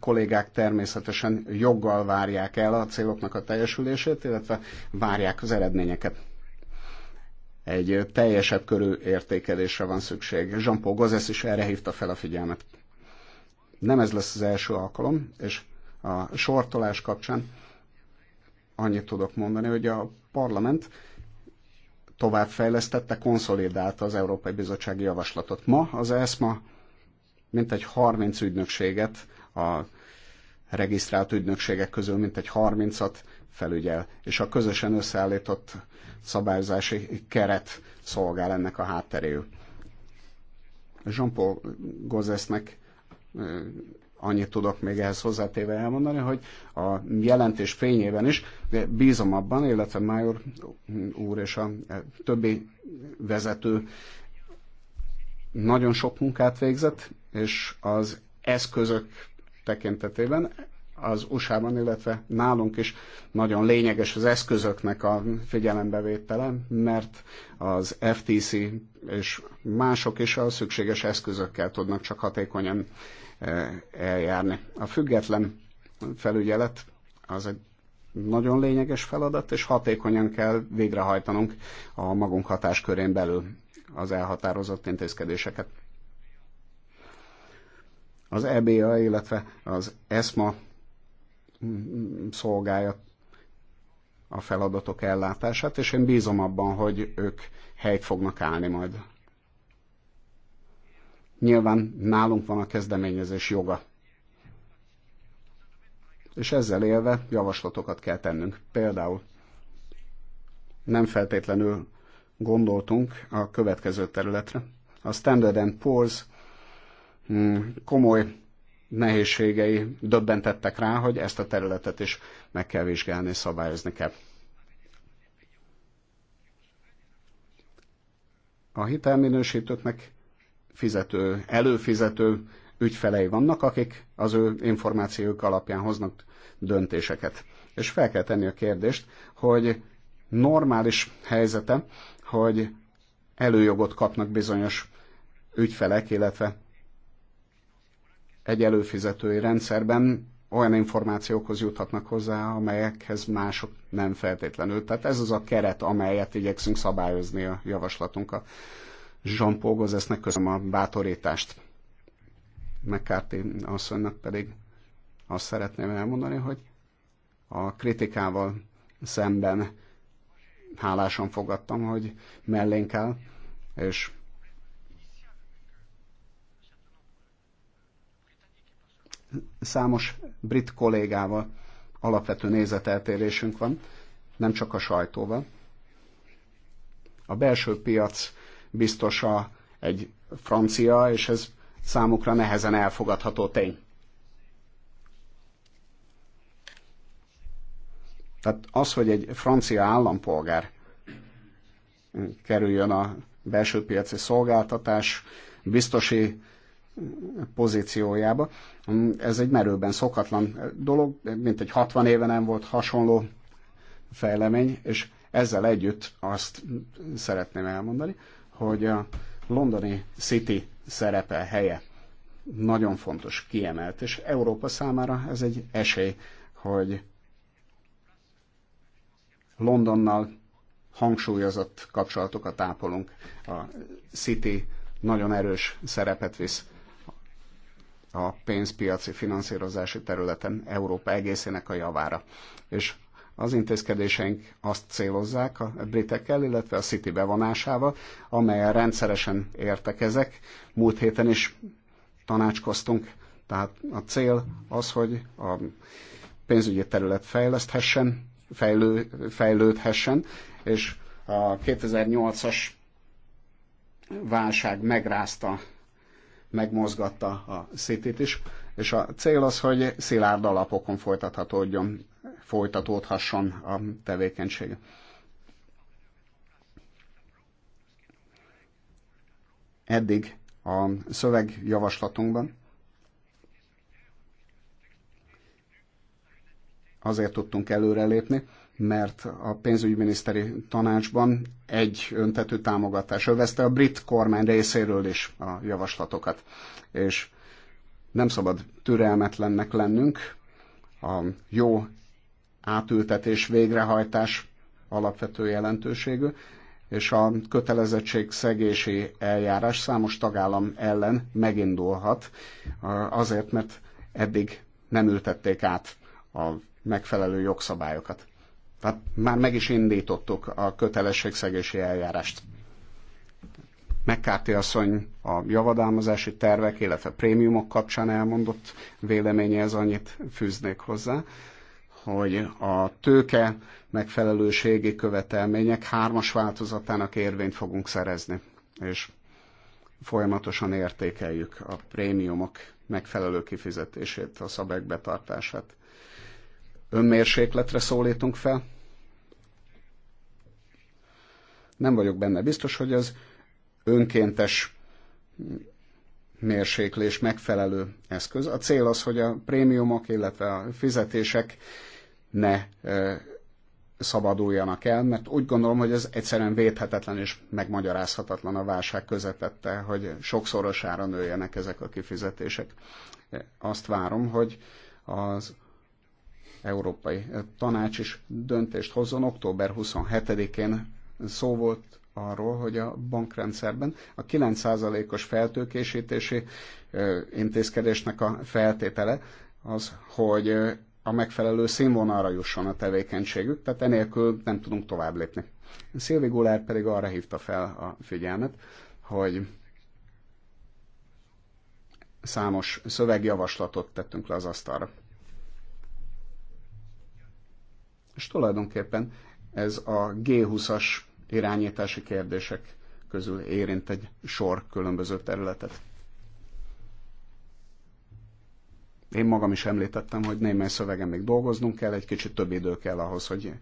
kollégák természetesen joggal várják el a céloknak a teljesülését, illetve várják az eredményeket egy teljesebb körű értékelésre van szükség. Jean-Paul Gozes is erre hívta fel a figyelmet. Nem ez lesz az első alkalom, és a sortolás kapcsán annyit tudok mondani, hogy a parlament továbbfejlesztette, konszolidálta az Európai Bizottsági Javaslatot. Ma az ESMA mintegy 30 ügynökséget, a regisztrált ügynökségek közül mintegy 30-at felügyel, és a közösen összeállított szabályozási keret szolgál ennek a hátteréül. Jean-Paul Gozesnek annyit tudok még ehhez hozzátéve elmondani, hogy a jelentés fényében is bízom abban, illetve Major úr és a többi vezető nagyon sok munkát végzett, és az eszközök tekintetében az USA-ban, illetve nálunk is nagyon lényeges az eszközöknek a figyelembevétele, mert az FTC és mások is a szükséges eszközökkel tudnak csak hatékonyan e, eljárni. A független felügyelet az egy nagyon lényeges feladat, és hatékonyan kell végrehajtanunk a magunk hatáskörén belül az elhatározott intézkedéseket. Az EBA, illetve az ESMA szolgálja a feladatok ellátását, és én bízom abban, hogy ők helyt fognak állni majd. Nyilván nálunk van a kezdeményezés joga. És ezzel élve javaslatokat kell tennünk. Például nem feltétlenül gondoltunk a következő területre. A Standard Poor's mm, komoly nehézségei döbbentettek rá, hogy ezt a területet is meg kell vizsgálni, szabályozni kell. A hitelminősítőknek fizető, előfizető ügyfelei vannak, akik az ő információk alapján hoznak döntéseket. És fel kell tenni a kérdést, hogy normális helyzete, hogy előjogot kapnak bizonyos ügyfelek, illetve egy előfizetői rendszerben olyan információkhoz juthatnak hozzá, amelyekhez mások nem feltétlenül. Tehát ez az a keret, amelyet igyekszünk szabályozni a javaslatunkat. Jean-Paul Gozesznek köszönöm a bátorítást. McCarthy asszonynak pedig azt szeretném elmondani, hogy a kritikával szemben hálásan fogadtam, hogy mellénk áll, és számos brit kollégával alapvető nézeteltérésünk van, nem csak a sajtóval. A belső piac biztosa egy francia, és ez számukra nehezen elfogadható tény. Tehát az, hogy egy francia állampolgár kerüljön a belső piaci szolgáltatás biztosi pozíciójába. Ez egy merőben szokatlan dolog, mint egy 60 éve nem volt hasonló fejlemény, és ezzel együtt azt szeretném elmondani, hogy a londoni City szerepe, helye nagyon fontos, kiemelt, és Európa számára ez egy esély, hogy Londonnal hangsúlyozott kapcsolatokat ápolunk. A City nagyon erős szerepet visz a pénzpiaci finanszírozási területen Európa egészének a javára. És az intézkedéseink azt célozzák a britekkel, illetve a City bevonásával, amelyen rendszeresen értekezek. Múlt héten is tanácskoztunk, tehát a cél az, hogy a pénzügyi terület fejleszthessen, fejlő, fejlődhessen, és a 2008-as válság megrázta megmozgatta a szétét is, és a cél az, hogy szilárd alapokon folytathatódjon, folytatódhasson a tevékenység. Eddig a javaslatunkban azért tudtunk előrelépni, mert a pénzügyminiszteri tanácsban egy öntető támogatás övezte a brit kormány részéről is a javaslatokat. És nem szabad türelmetlennek lennünk, a jó átültetés, végrehajtás alapvető jelentőségű, és a kötelezettség szegési eljárás számos tagállam ellen megindulhat, azért, mert eddig nem ültették át a megfelelő jogszabályokat. Hát már meg is indítottuk a kötelességszegési eljárást. Megkárti asszony a javadalmazási tervek, illetve prémiumok kapcsán elmondott véleménye ez annyit fűznék hozzá, hogy a tőke megfelelőségi követelmények hármas változatának érvényt fogunk szerezni, és folyamatosan értékeljük a prémiumok megfelelő kifizetését, a szabek betartását önmérsékletre szólítunk fel. Nem vagyok benne biztos, hogy az önkéntes mérséklés megfelelő eszköz. A cél az, hogy a prémiumok, illetve a fizetések ne szabaduljanak el, mert úgy gondolom, hogy ez egyszerűen védhetetlen és megmagyarázhatatlan a válság közepette, hogy sokszorosára nőjenek ezek a kifizetések. Azt várom, hogy az Európai Tanács is döntést hozzon. Október 27-én szó volt arról, hogy a bankrendszerben a 9%-os feltőkésítési intézkedésnek a feltétele az, hogy a megfelelő színvonalra jusson a tevékenységük, tehát enélkül nem tudunk tovább lépni. Szilvi Gulár pedig arra hívta fel a figyelmet, hogy számos szövegjavaslatot tettünk le az asztalra. És tulajdonképpen ez a G20-as irányítási kérdések közül érint egy sor különböző területet. Én magam is említettem, hogy némely szövegen még dolgoznunk kell, egy kicsit több idő kell ahhoz, hogy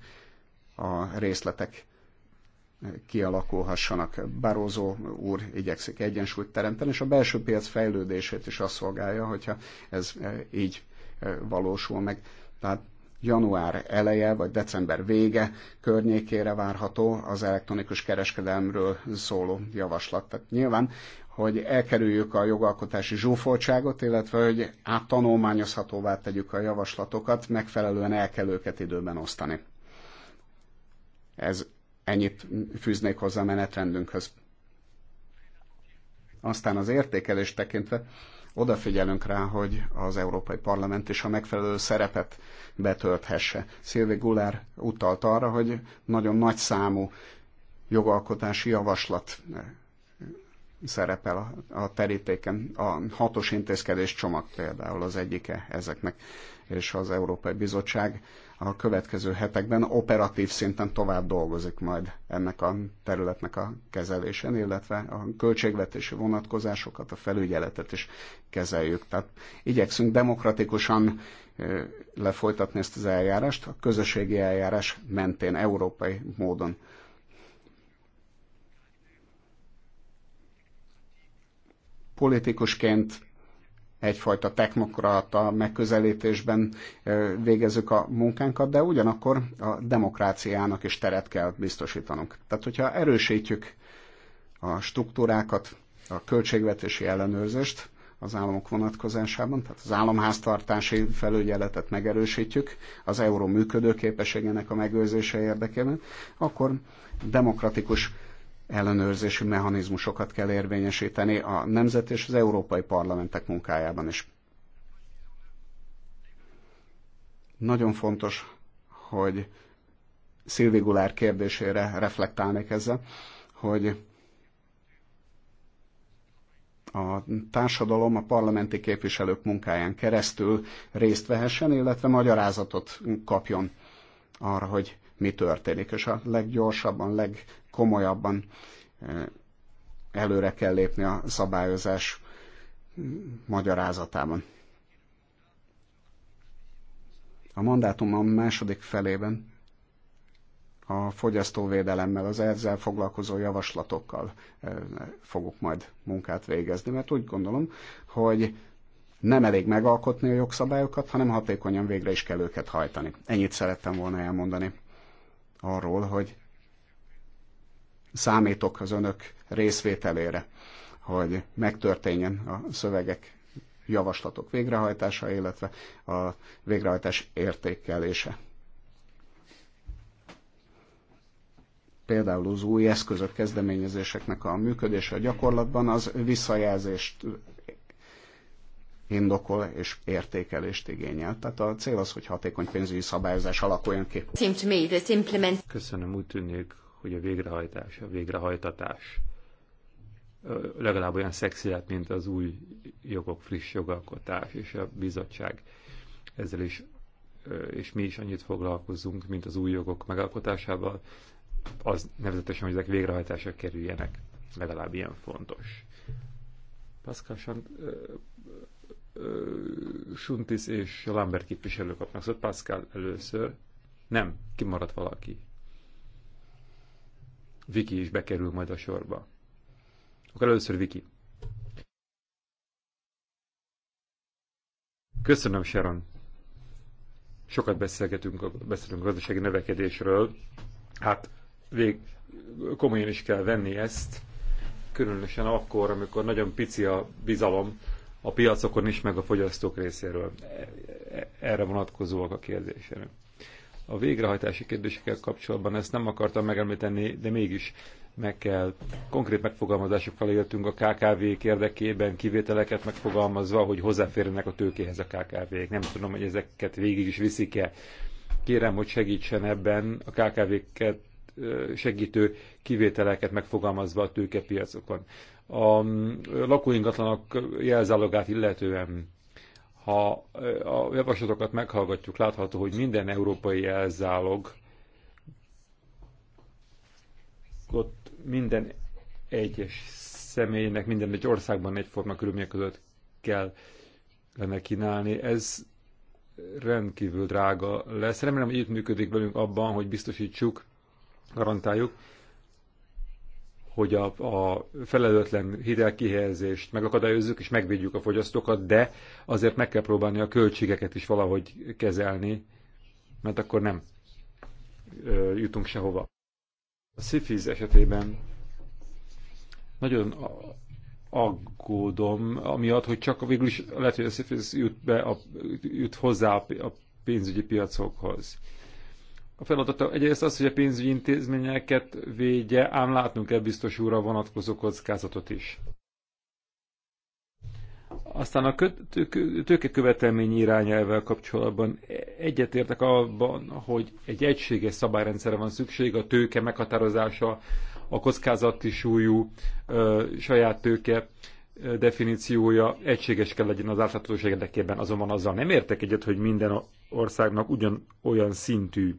a részletek kialakulhassanak. Barózó úr igyekszik egyensúlyt teremteni, és a belső piac fejlődését is azt szolgálja, hogyha ez így valósul meg. Tehát január eleje vagy december vége környékére várható az elektronikus kereskedelmről szóló javaslat. Tehát nyilván, hogy elkerüljük a jogalkotási zsúfoltságot, illetve hogy áttanulmányozhatóvá tegyük a javaslatokat, megfelelően el kell őket időben osztani. Ez ennyit fűznék hozzá a menetrendünkhöz. Aztán az értékelést tekintve odafigyelünk rá, hogy az Európai Parlament is a megfelelő szerepet betölthesse. Szilvi Gulár utalt arra, hogy nagyon nagy számú jogalkotási javaslat eh, szerepel a terítéken. A hatos intézkedés csomag például az egyike ezeknek és az Európai Bizottság a következő hetekben operatív szinten tovább dolgozik majd ennek a területnek a kezelésen, illetve a költségvetési vonatkozásokat, a felügyeletet is kezeljük. Tehát igyekszünk demokratikusan lefolytatni ezt az eljárást, a közösségi eljárás mentén, európai módon. Politikusként egyfajta technokrata megközelítésben végezzük a munkánkat, de ugyanakkor a demokráciának is teret kell biztosítanunk. Tehát, hogyha erősítjük a struktúrákat, a költségvetési ellenőrzést az államok vonatkozásában, tehát az államháztartási felügyeletet megerősítjük az euró működőképességének a megőrzése érdekében, akkor demokratikus ellenőrzési mechanizmusokat kell érvényesíteni a nemzet és az európai parlamentek munkájában is. Nagyon fontos, hogy Szilvi Gulár kérdésére reflektálnék ezzel, hogy a társadalom a parlamenti képviselők munkáján keresztül részt vehessen, illetve magyarázatot kapjon arra, hogy mi történik, és a leggyorsabban, leg komolyabban eh, előre kell lépni a szabályozás magyarázatában. A mandátum a második felében a fogyasztóvédelemmel, az ezzel foglalkozó javaslatokkal eh, fogok majd munkát végezni, mert úgy gondolom, hogy nem elég megalkotni a jogszabályokat, hanem hatékonyan végre is kell őket hajtani. Ennyit szerettem volna elmondani arról, hogy számítok az önök részvételére, hogy megtörténjen a szövegek javaslatok végrehajtása, illetve a végrehajtás értékelése. Például az új eszközök kezdeményezéseknek a működése a gyakorlatban az visszajelzést indokol és értékelést igényel. Tehát a cél az, hogy hatékony pénzügyi szabályozás alakuljon ki. Köszönöm, úgy tűnik, hogy a végrehajtás, a végrehajtatás legalább olyan szexi lett, mint az új jogok, friss jogalkotás és a bizottság. Ezzel is, és mi is annyit foglalkozunk, mint az új jogok megalkotásával, az nevezetesen, hogy ezek végrehajtásra kerüljenek, legalább ilyen fontos. Pascal Sant, Suntis és Lambert képviselők kapnak szóval Pascal először. Nem, kimaradt valaki. Viki is bekerül majd a sorba. Akkor először Viki. Köszönöm, Sharon. Sokat beszélgetünk, beszélünk a gazdasági növekedésről. Hát vég, komolyan is kell venni ezt, különösen akkor, amikor nagyon pici a bizalom a piacokon is, meg a fogyasztók részéről. E- e- erre vonatkozóak a kérdésenek a végrehajtási kérdésekkel kapcsolatban ezt nem akartam megemlíteni, de mégis meg kell. Konkrét megfogalmazásokkal éltünk a KKV-k érdekében, kivételeket megfogalmazva, hogy hozzáférjenek a tőkéhez a KKV-k. Nem tudom, hogy ezeket végig is viszik-e. Kérem, hogy segítsen ebben a KKV-ket segítő kivételeket megfogalmazva a tőkepiacokon. A lakóingatlanok jelzálogát illetően ha a javaslatokat meghallgatjuk, látható, hogy minden európai jelzálog ott minden egyes személynek minden egy országban egyforma körülmények között kell lenne kínálni. Ez rendkívül drága lesz. Remélem, hogy itt működik velünk abban, hogy biztosítsuk, garantáljuk, hogy a, a felelőtlen hitelkihelyezést megakadályozzuk és megvédjük a fogyasztókat, de azért meg kell próbálni a költségeket is valahogy kezelni, mert akkor nem ö, jutunk sehova. A SIFIZ esetében nagyon aggódom, amiatt, hogy csak végül is lehet, hogy a SIFIZ jut, be a, jut hozzá a pénzügyi piacokhoz a feladata egyrészt az, hogy a pénzügyi intézményeket védje, ám látnunk kell biztos úra vonatkozó kockázatot is. Aztán a tőkekövetelmény irányelvvel kapcsolatban egyetértek abban, hogy egy egységes szabályrendszerre van szükség, a tőke meghatározása, a kockázati súlyú ö, saját tőke ö, definíciója egységes kell legyen az átláthatóság érdekében, azonban azzal nem értek egyet, hogy minden országnak ugyanolyan szintű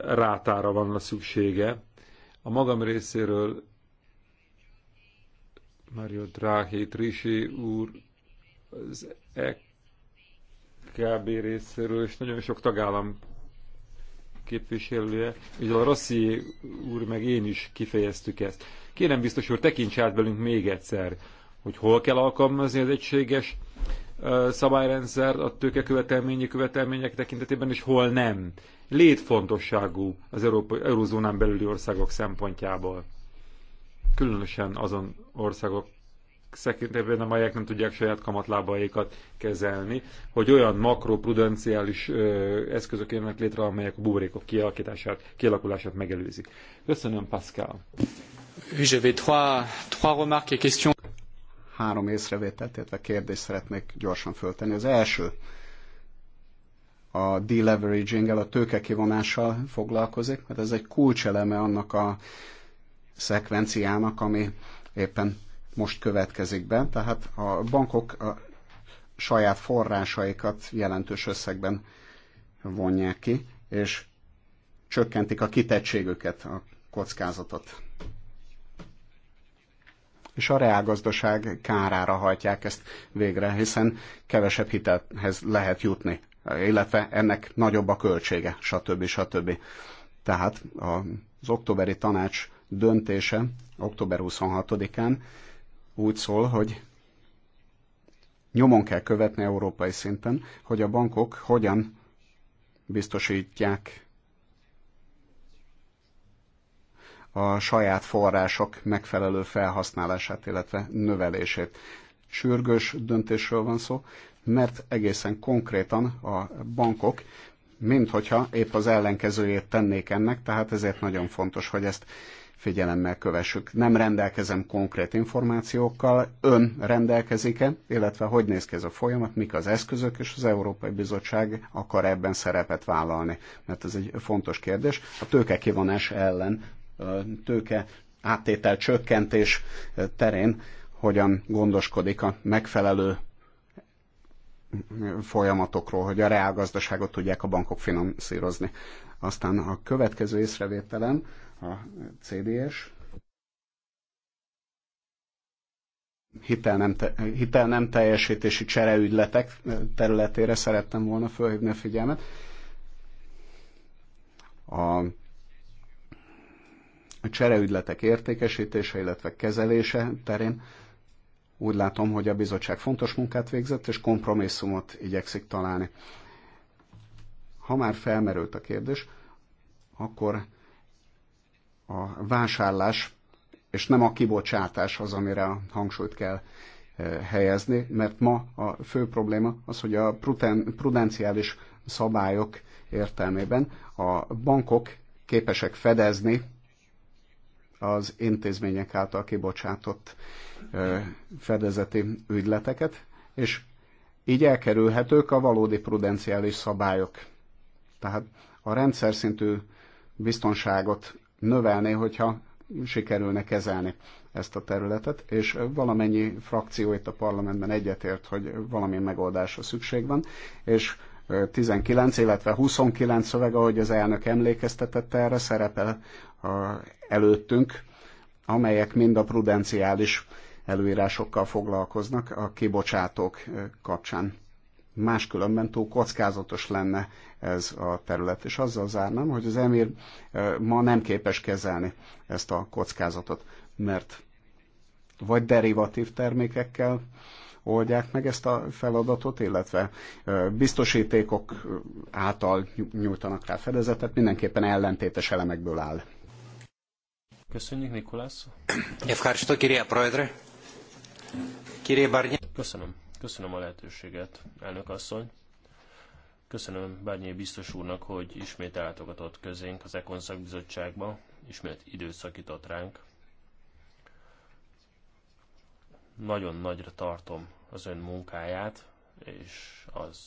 rátára van a szüksége. A magam részéről Mario Draghi, Trisi úr, az EKB részéről, és nagyon sok tagállam képviselője, és a Rossi úr meg én is kifejeztük ezt. Kérem biztos úr, tekints át velünk még egyszer, hogy hol kell alkalmazni az egységes szabályrendszer a tőkekövetelményi követelmények tekintetében, és hol nem. Létfontosságú az Európai Eurózónán belüli országok szempontjából. Különösen azon országok szekintében, amelyek nem tudják saját kamatlábaikat kezelni, hogy olyan makroprudenciális eszközök jönnek létre, amelyek a buborékok kialakítását, kialakulását megelőzik. Köszönöm, Pascal. Oui, j'avais trois, trois remarques et questions három észrevételt, illetve kérdést szeretnék gyorsan föltenni. Az első a deleveraging-el, a tőkekivonással foglalkozik, mert hát ez egy kulcseleme annak a szekvenciának, ami éppen most következik be. Tehát a bankok a saját forrásaikat jelentős összegben vonják ki, és csökkentik a kitettségüket, a kockázatot és a reálgazdaság kárára hajtják ezt végre, hiszen kevesebb hitelhez lehet jutni, illetve ennek nagyobb a költsége, stb. stb. Tehát az októberi tanács döntése október 26-án úgy szól, hogy nyomon kell követni európai szinten, hogy a bankok hogyan biztosítják a saját források megfelelő felhasználását, illetve növelését. Sürgős döntésről van szó, mert egészen konkrétan a bankok mint hogyha épp az ellenkezőjét tennék ennek, tehát ezért nagyon fontos, hogy ezt figyelemmel kövessük. Nem rendelkezem konkrét információkkal, ön rendelkezik-e, illetve hogy néz ki ez a folyamat, mik az eszközök, és az Európai Bizottság akar ebben szerepet vállalni, mert ez egy fontos kérdés. A tőkekivonás ellen tőke áttétel csökkentés terén hogyan gondoskodik a megfelelő folyamatokról, hogy a reálgazdaságot tudják a bankok finanszírozni. Aztán a következő észrevételen a CDS hitel nem, te, hitel nem teljesítési csereügyletek területére szerettem volna fölhívni a figyelmet. A a csereügyletek értékesítése, illetve kezelése terén úgy látom, hogy a bizottság fontos munkát végzett, és kompromisszumot igyekszik találni. Ha már felmerült a kérdés, akkor a vásárlás, és nem a kibocsátás az, amire a hangsúlyt kell eh, helyezni, mert ma a fő probléma az, hogy a prudenciális szabályok értelmében a bankok képesek fedezni az intézmények által kibocsátott fedezeti ügyleteket, és így elkerülhetők a valódi prudenciális szabályok. Tehát a rendszer szintű biztonságot növelné, hogyha sikerülne kezelni ezt a területet, és valamennyi frakció itt a parlamentben egyetért, hogy valamilyen megoldásra szükség van, és 19, illetve 29 szöveg, ahogy az elnök emlékeztetett erre, szerepel előttünk, amelyek mind a prudenciális előírásokkal foglalkoznak a kibocsátók kapcsán. Máskülönben túl kockázatos lenne ez a terület, és azzal zárnám, hogy az emír ma nem képes kezelni ezt a kockázatot, mert vagy derivatív termékekkel oldják meg ezt a feladatot, illetve biztosítékok által nyújtanak rá fedezetet, mindenképpen ellentétes elemekből áll. Köszönjük, Nikolász. Köszönöm. Köszönöm a lehetőséget, elnök asszony. Köszönöm Bárnyé biztos úrnak, hogy ismét ellátogatott közénk az Ekon szakbizottságba, ismét időt szakított ránk. Nagyon nagyra tartom az ön munkáját és az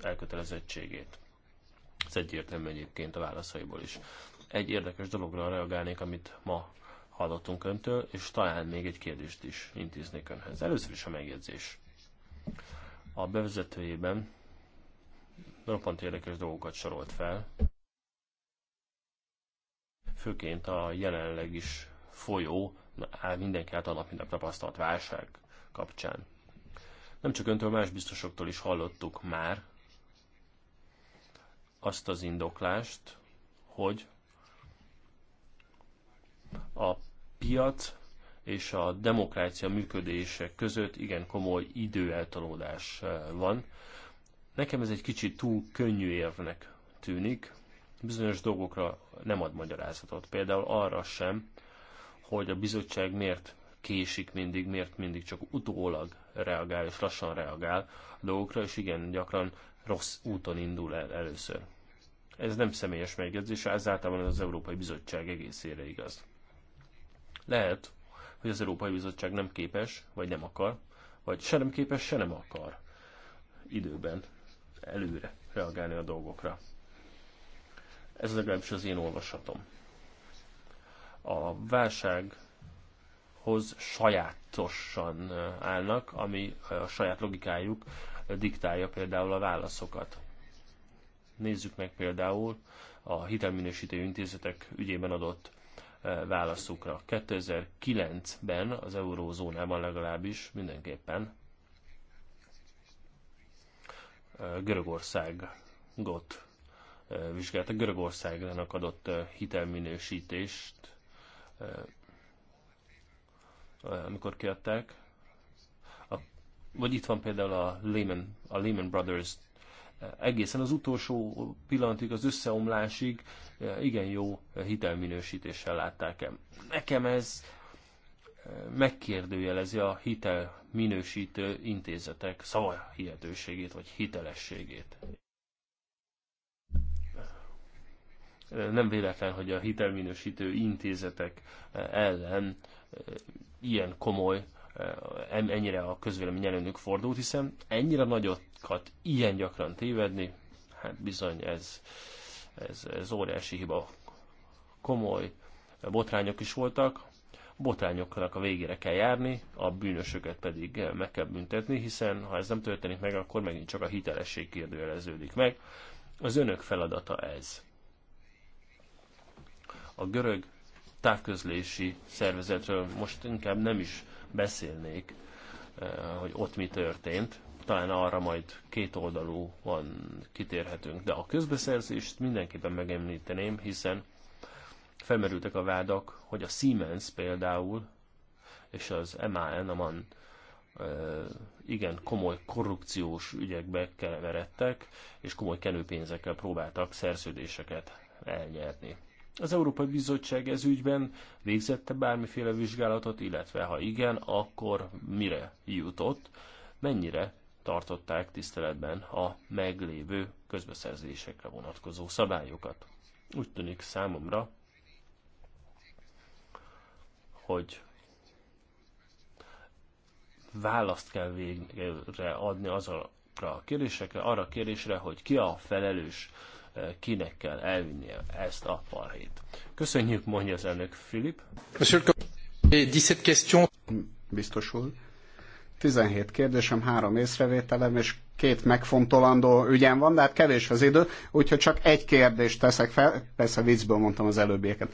elkötelezettségét. Ez egyértelmű egyébként a válaszaiból is egy érdekes dologra reagálnék, amit ma hallottunk öntől, és talán még egy kérdést is intéznék önhez. Először is a megjegyzés. A bevezetőjében roppant érdekes dolgokat sorolt fel, főként a jelenleg is folyó, mindenki által nap, mint tapasztalt válság kapcsán. Nem csak öntől, más biztosoktól is hallottuk már azt az indoklást, hogy a piac és a demokrácia működése között igen komoly időeltalódás eh, van. Nekem ez egy kicsit túl könnyű érvnek tűnik, bizonyos dolgokra nem ad magyarázatot. Például arra sem, hogy a bizottság miért késik mindig, miért mindig csak utólag reagál és lassan reagál a dolgokra, és igen, gyakran rossz úton indul el először. Ez nem személyes megjegyzés, ez általában az Európai Bizottság egészére igaz. Lehet, hogy az Európai Bizottság nem képes, vagy nem akar, vagy se nem képes, se nem akar időben előre reagálni a dolgokra. Ez legalábbis az én olvasatom. A válsághoz sajátosan állnak, ami a saját logikájuk diktálja például a válaszokat. Nézzük meg például a hitelminősítő intézetek ügyében adott válaszukra. 2009-ben az eurózónában legalábbis mindenképpen Görögországot vizsgáltak. Görögországnak adott hitelminősítést, amikor kiadták. A, vagy itt van például a Lehman, a Lehman Brothers egészen az utolsó pillanatig, az összeomlásig igen jó hitelminősítéssel látták el. Nekem ez eh, megkérdőjelezi a hitelminősítő intézetek szavahihetőségét vagy hitelességét. Nem véletlen, hogy a hitelminősítő intézetek eh, ellen eh, ilyen komoly, ennyire a közvélemény előnök fordult, hiszen ennyire nagyokat ilyen gyakran tévedni, hát bizony ez ez, ez óriási hiba. Komoly botrányok is voltak, botrányoknak a végére kell járni, a bűnösöket pedig meg kell büntetni, hiszen ha ez nem történik meg, akkor megint csak a hitelesség kérdőjeleződik meg. Az önök feladata ez. A görög távközlési szervezetről most inkább nem is beszélnék, eh, hogy ott mi történt, talán arra majd két oldalú van kitérhetünk. De a közbeszerzést mindenképpen megemlíteném, hiszen felmerültek a vádak, hogy a Siemens például, és az MAN, a MAN, igen komoly korrupciós ügyekbe keveredtek, és komoly kenőpénzekkel próbáltak szerződéseket elnyerni. Az Európai Bizottság ez ügyben végzette bármiféle vizsgálatot, illetve ha igen, akkor mire jutott, mennyire tartották tiszteletben a meglévő közbeszerzésekre vonatkozó szabályokat. Úgy tűnik számomra, hogy választ kell végre adni azokra a kérdésekre, arra a kérésre, hogy ki a felelős, eh, kinek kell elvinnie ezt a parhét. Köszönjük, mondja az elnök Filip. Monsieur le 17 question. Biztos volt. 17 kérdésem, három észrevételem és két megfontolandó ügyem van, de hát kevés az idő, úgyhogy csak egy kérdést teszek fel. Persze viccből mondtam az előbbieket.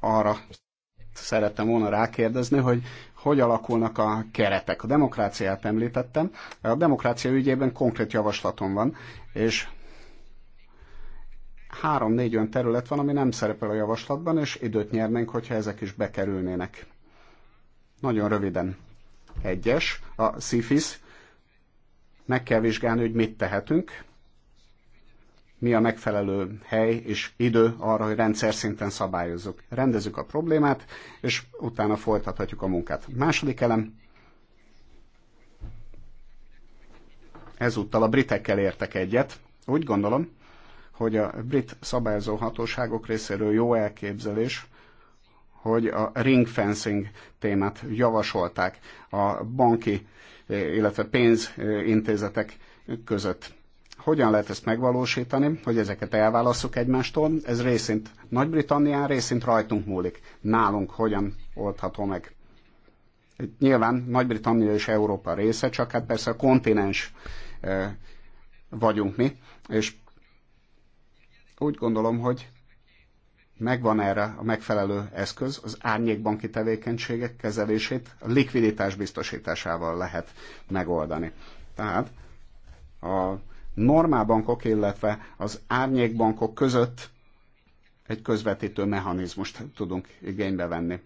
Arra szerettem volna rákérdezni, hogy hogy alakulnak a keretek. A demokráciát említettem. A demokrácia ügyében konkrét javaslatom van, és három-négy olyan terület van, ami nem szerepel a javaslatban, és időt nyernénk, hogyha ezek is bekerülnének nagyon röviden. Egyes, a szifisz. meg kell vizsgálni, hogy mit tehetünk, mi a megfelelő hely és idő arra, hogy rendszer szinten szabályozzuk. Rendezzük a problémát, és utána folytathatjuk a munkát. Második elem, ezúttal a britekkel értek egyet. Úgy gondolom, hogy a brit szabályozó hatóságok részéről jó elképzelés hogy a ring fencing témát javasolták a banki, eh, illetve pénzintézetek között. Hogyan lehet ezt megvalósítani, hogy ezeket elválasszuk egymástól? Ez részint Nagy-Britannián, részint rajtunk múlik. Nálunk hogyan oldható meg? Nyilván Nagy-Britannia és Európa része, csak hát persze a kontinens eh, vagyunk mi, és úgy gondolom, hogy megvan erre a megfelelő eszköz, az árnyékbanki tevékenységek kezelését a likviditás biztosításával lehet megoldani. Tehát a normál bankok, illetve az árnyékbankok között egy közvetítő mechanizmust tudunk igénybe venni,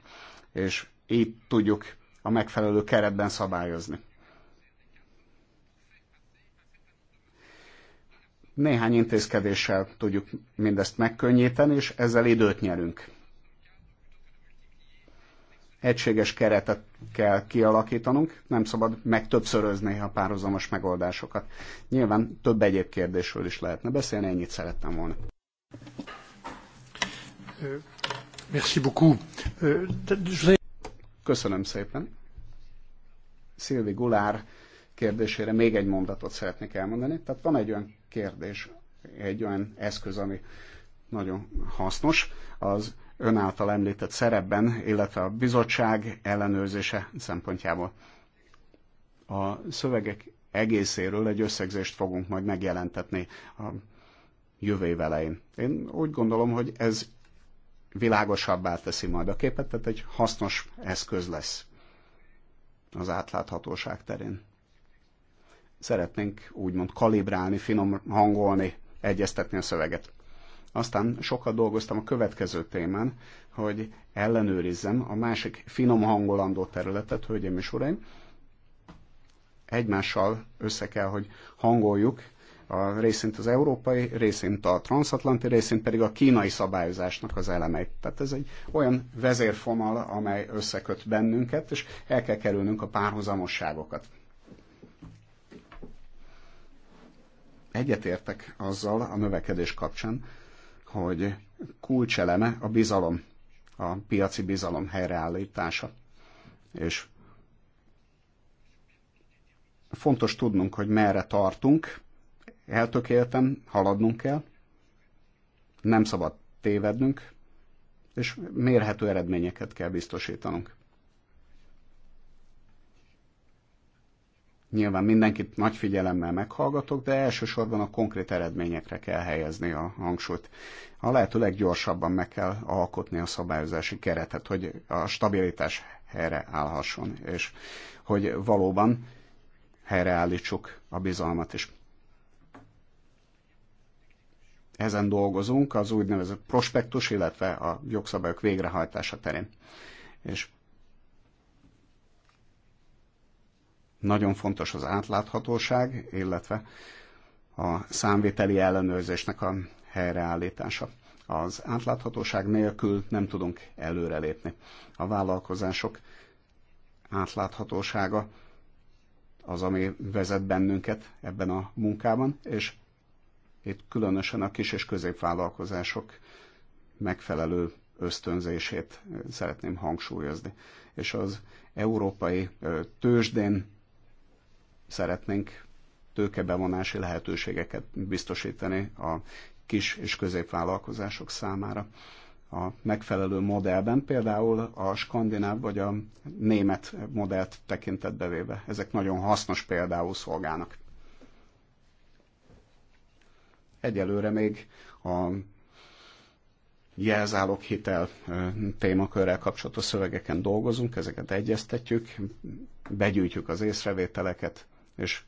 és így tudjuk a megfelelő keretben szabályozni Néhány intézkedéssel tudjuk mindezt megkönnyíteni, és ezzel időt nyerünk. Egységes keretet kell kialakítanunk, nem szabad megtöbbszörözni a párhuzamos megoldásokat. Nyilván több egyéb kérdésről is lehetne beszélni, ennyit szerettem volna. Merci beaucoup. Köszönöm szépen. Szilvi Gulár kérdésére még egy mondatot szeretnék elmondani. Tehát van egy olyan kérdés egy olyan eszköz, ami nagyon hasznos az ön által említett szerepben, illetve a bizottság ellenőrzése szempontjából. A szövegek egészéről egy összegzést fogunk majd megjelentetni a jövő elején. Én úgy gondolom, hogy ez világosabbá teszi majd a képet, tehát egy hasznos eszköz lesz az átláthatóság terén szeretnénk úgymond kalibrálni, finom hangolni, egyeztetni a szöveget. Aztán sokat dolgoztam a következő témán, hogy ellenőrizzem a másik finom hangolandó területet, hölgyeim és uraim, egymással össze kell, hogy hangoljuk a részint az európai, részint a transatlanti, részint pedig a kínai szabályozásnak az elemeit. Tehát ez egy olyan vezérfonal, amely összeköt bennünket, és el kell kerülnünk a párhuzamosságokat. Egyetértek azzal a növekedés kapcsán, hogy kulcseleme a bizalom, a piaci bizalom helyreállítása. És fontos tudnunk, hogy merre tartunk, eltökéltem, haladnunk kell, nem szabad tévednünk, és mérhető eredményeket kell biztosítanunk. Nyilván mindenkit nagy figyelemmel meghallgatok, de elsősorban a konkrét eredményekre kell helyezni a hangsúlyt. A lehető leggyorsabban meg kell alkotni a szabályozási keretet, hogy a stabilitás helyre állhasson, és hogy valóban helyreállítsuk a bizalmat is. Ezen dolgozunk az úgynevezett prospektus, illetve a jogszabályok végrehajtása terén. És Nagyon fontos az átláthatóság, illetve a számviteli ellenőrzésnek a helyreállítása. Az átláthatóság nélkül nem tudunk előrelépni. A vállalkozások átláthatósága az, ami vezet bennünket ebben a munkában, és itt különösen a kis és középvállalkozások megfelelő ösztönzését szeretném hangsúlyozni. És az európai tőzsdén szeretnénk tőkebevonási lehetőségeket biztosítani a kis és középvállalkozások számára. A megfelelő modellben például a skandináv vagy a német modellt tekintetbe véve. Ezek nagyon hasznos például szolgálnak. Egyelőre még a jelzálok hitel témakörrel kapcsolatos szövegeken dolgozunk, ezeket egyeztetjük, begyűjtjük az észrevételeket, és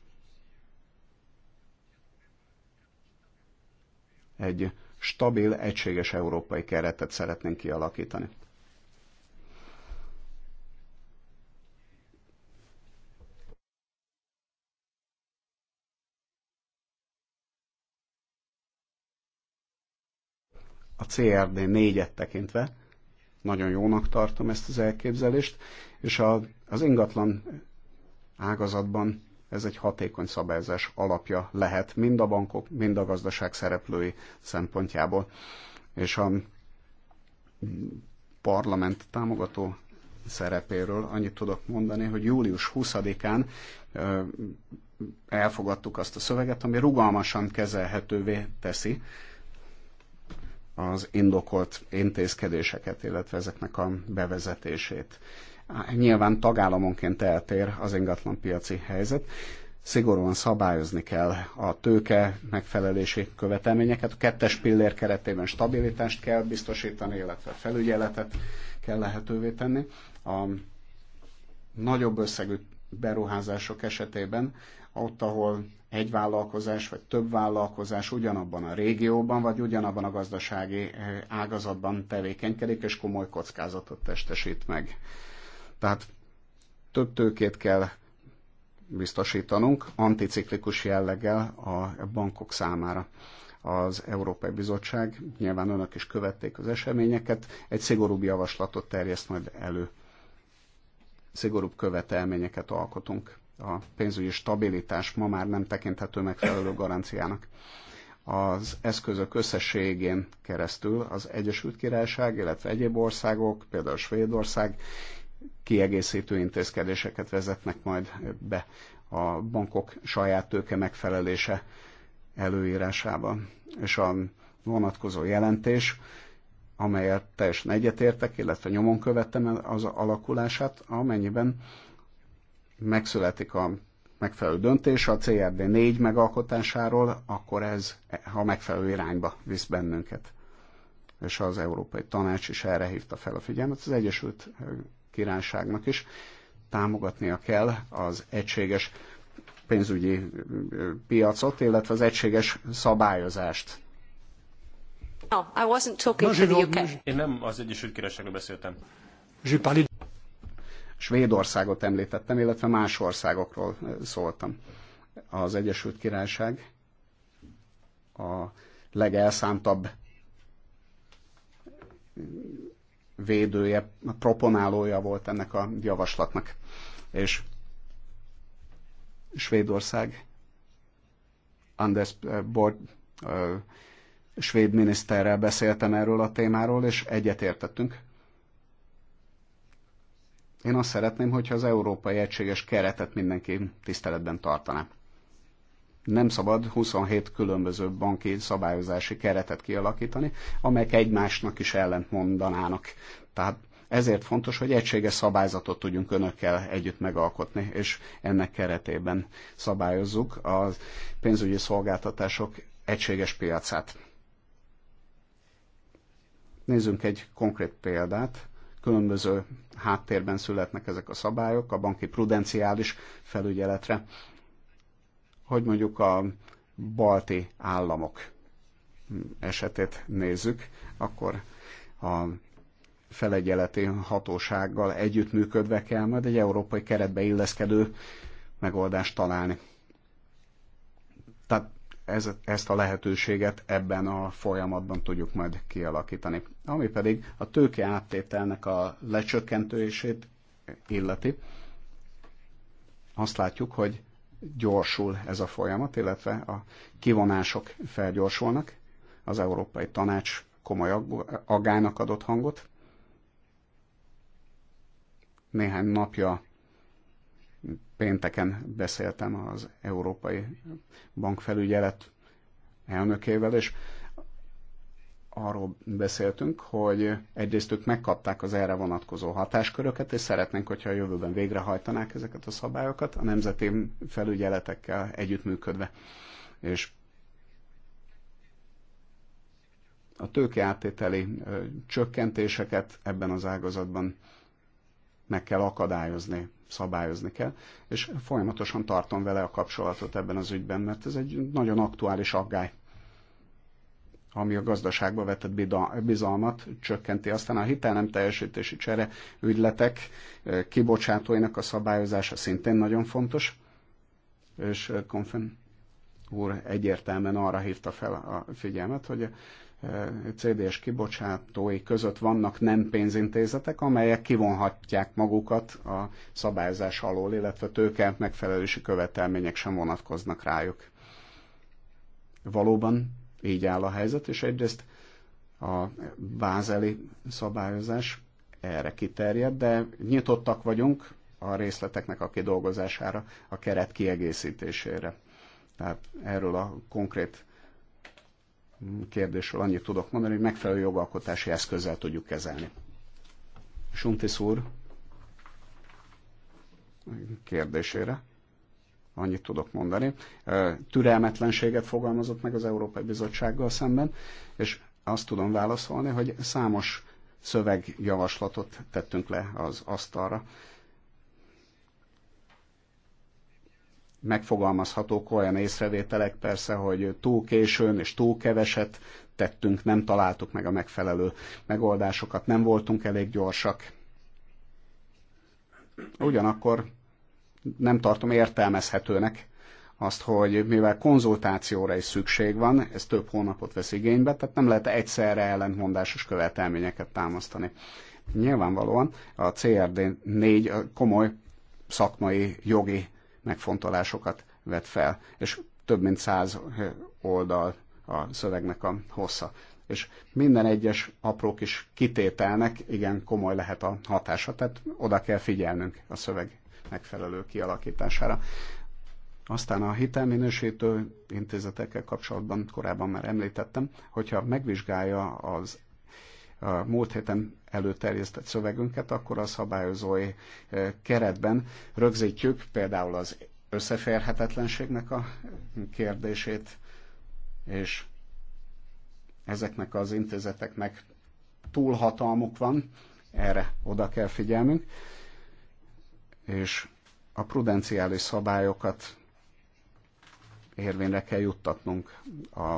egy stabil, egységes európai keretet szeretnénk kialakítani. a CRD négyet tekintve, nagyon jónak tartom ezt az elképzelést, és a, az ingatlan ágazatban ez egy hatékony szabályozás alapja lehet mind a bankok, mind a gazdaság szereplői szempontjából. És a parlament támogató szerepéről annyit tudok mondani, hogy július 20-án elfogadtuk azt a szöveget, ami rugalmasan kezelhetővé teszi az indokolt intézkedéseket, illetve ezeknek a bevezetését. Nyilván tagállamonként eltér az piaci helyzet. Szigorúan szabályozni kell a tőke megfelelési követelményeket. A kettes pillér keretében stabilitást kell biztosítani, illetve felügyeletet kell lehetővé tenni. A nagyobb összegű beruházások esetében, ott, ahol egy vállalkozás vagy több vállalkozás ugyanabban a régióban vagy ugyanabban a gazdasági eh, ágazatban tevékenykedik, és komoly kockázatot testesít meg. Tehát több tőkét kell biztosítanunk anticiklikus jelleggel a bankok számára. Az Európai Bizottság, nyilván önök is követték az eseményeket, egy szigorúbb javaslatot terjeszt majd elő. Szigorúbb követelményeket alkotunk. A pénzügyi stabilitás ma már nem tekinthető megfelelő garanciának az eszközök összességén keresztül az Egyesült Királyság, illetve egyéb országok, például Svédország kiegészítő intézkedéseket vezetnek majd be a bankok saját tőke megfelelése előírásába. És a vonatkozó jelentés, amelyet teljesen egyetértek, illetve nyomon követtem az alakulását, amennyiben megszületik a megfelelő döntés a CRD 4 megalkotásáról, akkor ez a megfelelő irányba visz bennünket. És az Európai Tanács is erre hívta fel a figyelmet. Az Egyesült királyságnak is támogatnia kell az egységes pénzügyi piacot, illetve az egységes szabályozást. No, I wasn't talking no, the UK. Én nem az Egyesült Királyságról beszéltem. Svédországot említettem, illetve más országokról szóltam. Az Egyesült Királyság a legelszántabb védője, proponálója volt ennek a javaslatnak. És Svédország, Anders Borg, svéd miniszterrel beszéltem erről a témáról, és egyetértettünk. Én azt szeretném, hogyha az európai egységes keretet mindenki tiszteletben tartaná nem szabad 27 különböző banki szabályozási keretet kialakítani, amelyek egymásnak is mondanának. Tehát ezért fontos, hogy egységes szabályzatot tudjunk önökkel együtt megalkotni, és ennek keretében szabályozzuk a pénzügyi szolgáltatások egységes piacát. Nézzünk egy konkrét példát. Különböző háttérben születnek ezek a szabályok a banki prudenciális felügyeletre hogy mondjuk a balti államok esetét nézzük, akkor a felegyeleti hatósággal együttműködve kell majd egy európai keretbe illeszkedő megoldást találni. Tehát ez, ezt a lehetőséget ebben a folyamatban tudjuk majd kialakítani. Ami pedig a tőke áttételnek a lecsökkentését illeti, azt látjuk, hogy gyorsul ez a folyamat, illetve a kivonások felgyorsulnak. Az Európai Tanács komoly agának adott hangot. Néhány napja pénteken beszéltem az Európai Bankfelügyelet elnökével, és arról beszéltünk, hogy egyrészt ők megkapták az erre vonatkozó hatásköröket, és szeretnénk, hogyha a jövőben végrehajtanák ezeket a szabályokat a nemzeti felügyeletekkel együttműködve. És a tőkeáttételi csökkentéseket ebben az ágazatban meg kell akadályozni, szabályozni kell, és folyamatosan tartom vele a kapcsolatot ebben az ügyben, mert ez egy nagyon aktuális aggály ami a gazdaságba vetett bizalmat csökkenti. Aztán a hitel nem teljesítési csere ügyletek eh, kibocsátóinak a szabályozása szintén nagyon fontos, és eh, Konfen úr egyértelműen arra hívta fel a figyelmet, hogy a eh, CDS kibocsátói között vannak nem pénzintézetek, amelyek kivonhatják magukat a szabályozás alól, illetve tőke megfelelősi követelmények sem vonatkoznak rájuk. Valóban így áll a helyzet, és egyrészt a bázeli szabályozás erre kiterjed, de nyitottak vagyunk a részleteknek a kidolgozására, a keret kiegészítésére. Tehát erről a konkrét kérdésről annyit tudok mondani, hogy megfelelő jogalkotási eszközzel tudjuk kezelni. Suntis úr kérdésére annyit tudok mondani. Türelmetlenséget fogalmazott meg az Európai Bizottsággal szemben, és azt tudom válaszolni, hogy számos szövegjavaslatot tettünk le az asztalra. Megfogalmazhatók olyan észrevételek persze, hogy túl későn és túl keveset tettünk, nem találtuk meg a megfelelő megoldásokat, nem voltunk elég gyorsak. Ugyanakkor nem tartom értelmezhetőnek azt, hogy mivel konzultációra is szükség van, ez több hónapot vesz igénybe, tehát nem lehet egyszerre ellentmondásos követelményeket támasztani. Nyilvánvalóan a CRD 4 komoly szakmai, jogi megfontolásokat vet fel, és több mint száz oldal a szövegnek a hossza. És minden egyes apró kis kitételnek igen komoly lehet a hatása, tehát oda kell figyelnünk a szöveg megfelelő kialakítására. Aztán a hitelminősítő intézetekkel kapcsolatban korábban már említettem, hogyha megvizsgálja az a múlt héten előterjesztett szövegünket, akkor a szabályozói e, keretben rögzítjük például az összeférhetetlenségnek a kérdését, és ezeknek az intézeteknek túlhatalmuk van, erre oda kell figyelnünk, és a prudenciális szabályokat érvényre kell juttatnunk a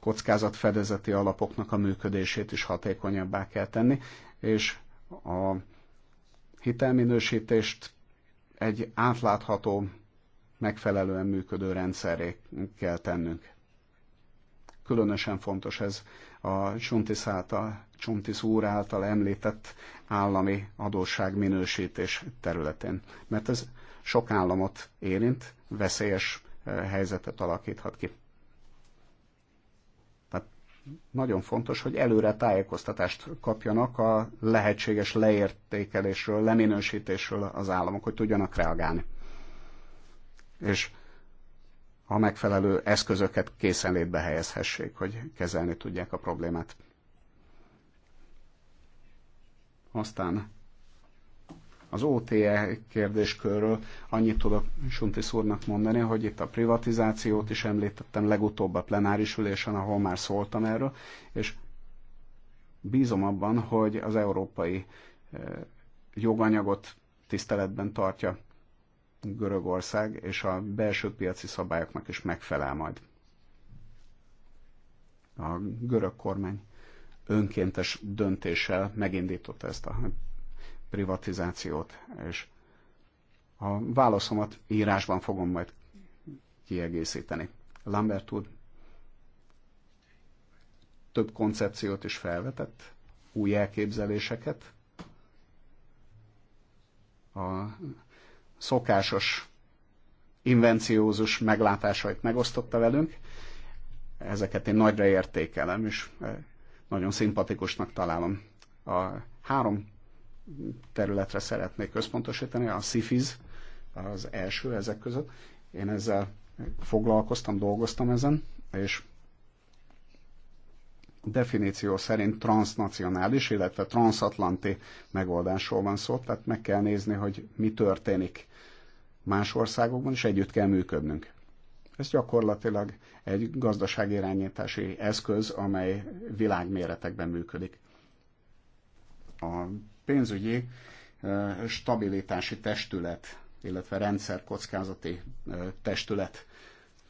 kockázatfedezeti alapoknak a működését is hatékonyabbá kell tenni, és a hitelminősítést egy átlátható, megfelelően működő rendszeré kell tennünk. Különösen fontos ez a Csuntis, által, Csuntis úr által említett állami adósság minősítés területén, mert ez sok államot érint, veszélyes eh, helyzetet alakíthat ki. Tehát nagyon fontos, hogy előre tájékoztatást kapjanak a lehetséges leértékelésről, leminősítésről az államok, hogy tudjanak reagálni. És a megfelelő eszközöket készenlétbe helyezhessék, hogy kezelni tudják a problémát. Aztán az OTE kérdéskörről annyit tudok Sunti úrnak mondani, hogy itt a privatizációt is említettem legutóbb a plenáris ülésen, ahol már szóltam erről, és bízom abban, hogy az európai eh, joganyagot tiszteletben tartja Görögország és a belső piaci szabályoknak is megfelel majd. A görög kormány önkéntes döntéssel megindította ezt a privatizációt, és a válaszomat írásban fogom majd kiegészíteni. Lambert úr több koncepciót is felvetett, új elképzeléseket. A szokásos, invenciózus meglátásait megosztotta velünk. Ezeket én nagyra értékelem, és e, nagyon szimpatikusnak találom. A három területre szeretnék központosítani, a SIFIZ az első ezek között. Én ezzel foglalkoztam, dolgoztam ezen, és definíció szerint transnacionális, illetve transatlanti megoldásról van szó, tehát meg kell nézni, hogy mi történik más országokban, és együtt kell működnünk. Ez gyakorlatilag egy gazdaságirányítási eszköz, amely világméretekben működik. A pénzügyi stabilitási testület, illetve rendszerkockázati testület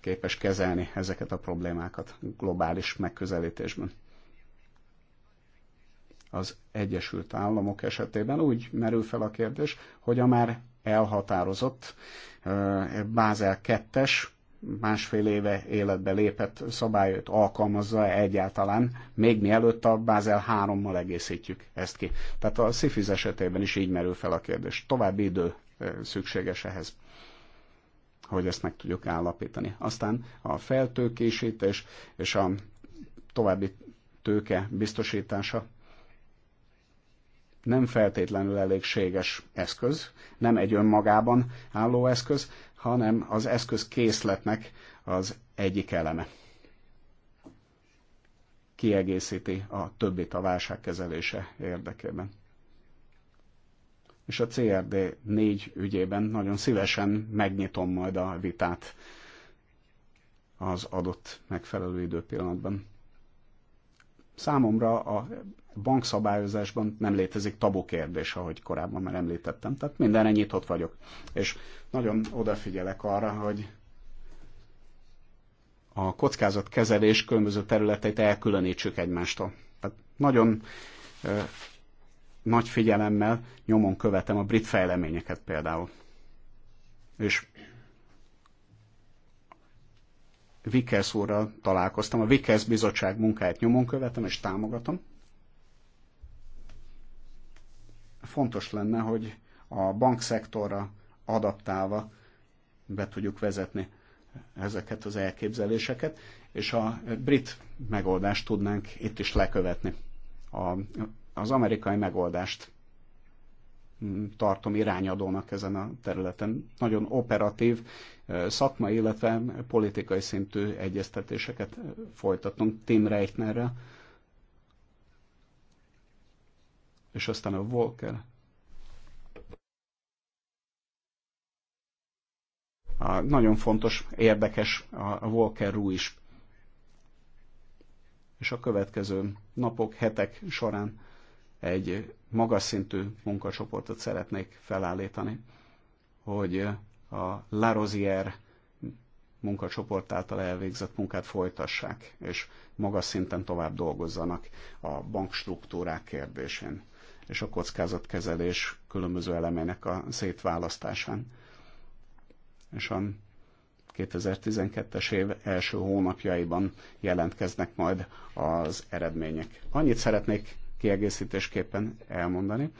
képes kezelni ezeket a problémákat globális megközelítésben az Egyesült Államok esetében úgy merül fel a kérdés, hogy a már elhatározott Bázel 2-es másfél éve életbe lépett szabályot alkalmazza egyáltalán, még mielőtt a Bázel 3-mal egészítjük ezt ki. Tehát a SZIFIZ esetében is így merül fel a kérdés. További idő szükséges ehhez hogy ezt meg tudjuk állapítani. Aztán a feltőkésítés és a további tőke biztosítása nem feltétlenül elégséges eszköz, nem egy önmagában álló eszköz, hanem az eszköz készletnek az egyik eleme. Kiegészíti a többit a válságkezelése érdekében. És a CRD négy ügyében nagyon szívesen megnyitom majd a vitát az adott megfelelő időpillanatban számomra a bankszabályozásban nem létezik tabu kérdés, ahogy korábban már említettem. Tehát mindenre nyitott vagyok. És nagyon odafigyelek arra, hogy a kockázatkezelés különböző területeit elkülönítsük egymástól. Tehát nagyon ö, nagy figyelemmel nyomon követem a brit fejleményeket például. És Vickers úrral találkoztam, a Vickers bizottság munkáját nyomon követem és támogatom. Fontos lenne, hogy a bankszektorra adaptálva be tudjuk vezetni ezeket az elképzeléseket, és a brit megoldást tudnánk itt is lekövetni. A, az amerikai megoldást tartom irányadónak ezen a területen. Nagyon operatív szakmai, illetve politikai szintű egyeztetéseket folytatunk Tim Reitnerre. és aztán a Volker. A, nagyon fontos, érdekes a Volker Rú is. És a következő napok, hetek során egy magas szintű munkacsoportot szeretnék felállítani, hogy a Larosier munkacsoport által elvégzett munkát folytassák, és magas szinten tovább dolgozzanak a bankstruktúrák kérdésén, és a kockázatkezelés különböző elemének a szétválasztásán. És a 2012-es év első hónapjaiban jelentkeznek majd az eredmények. Annyit szeretnék kiegészítésképpen elmondani,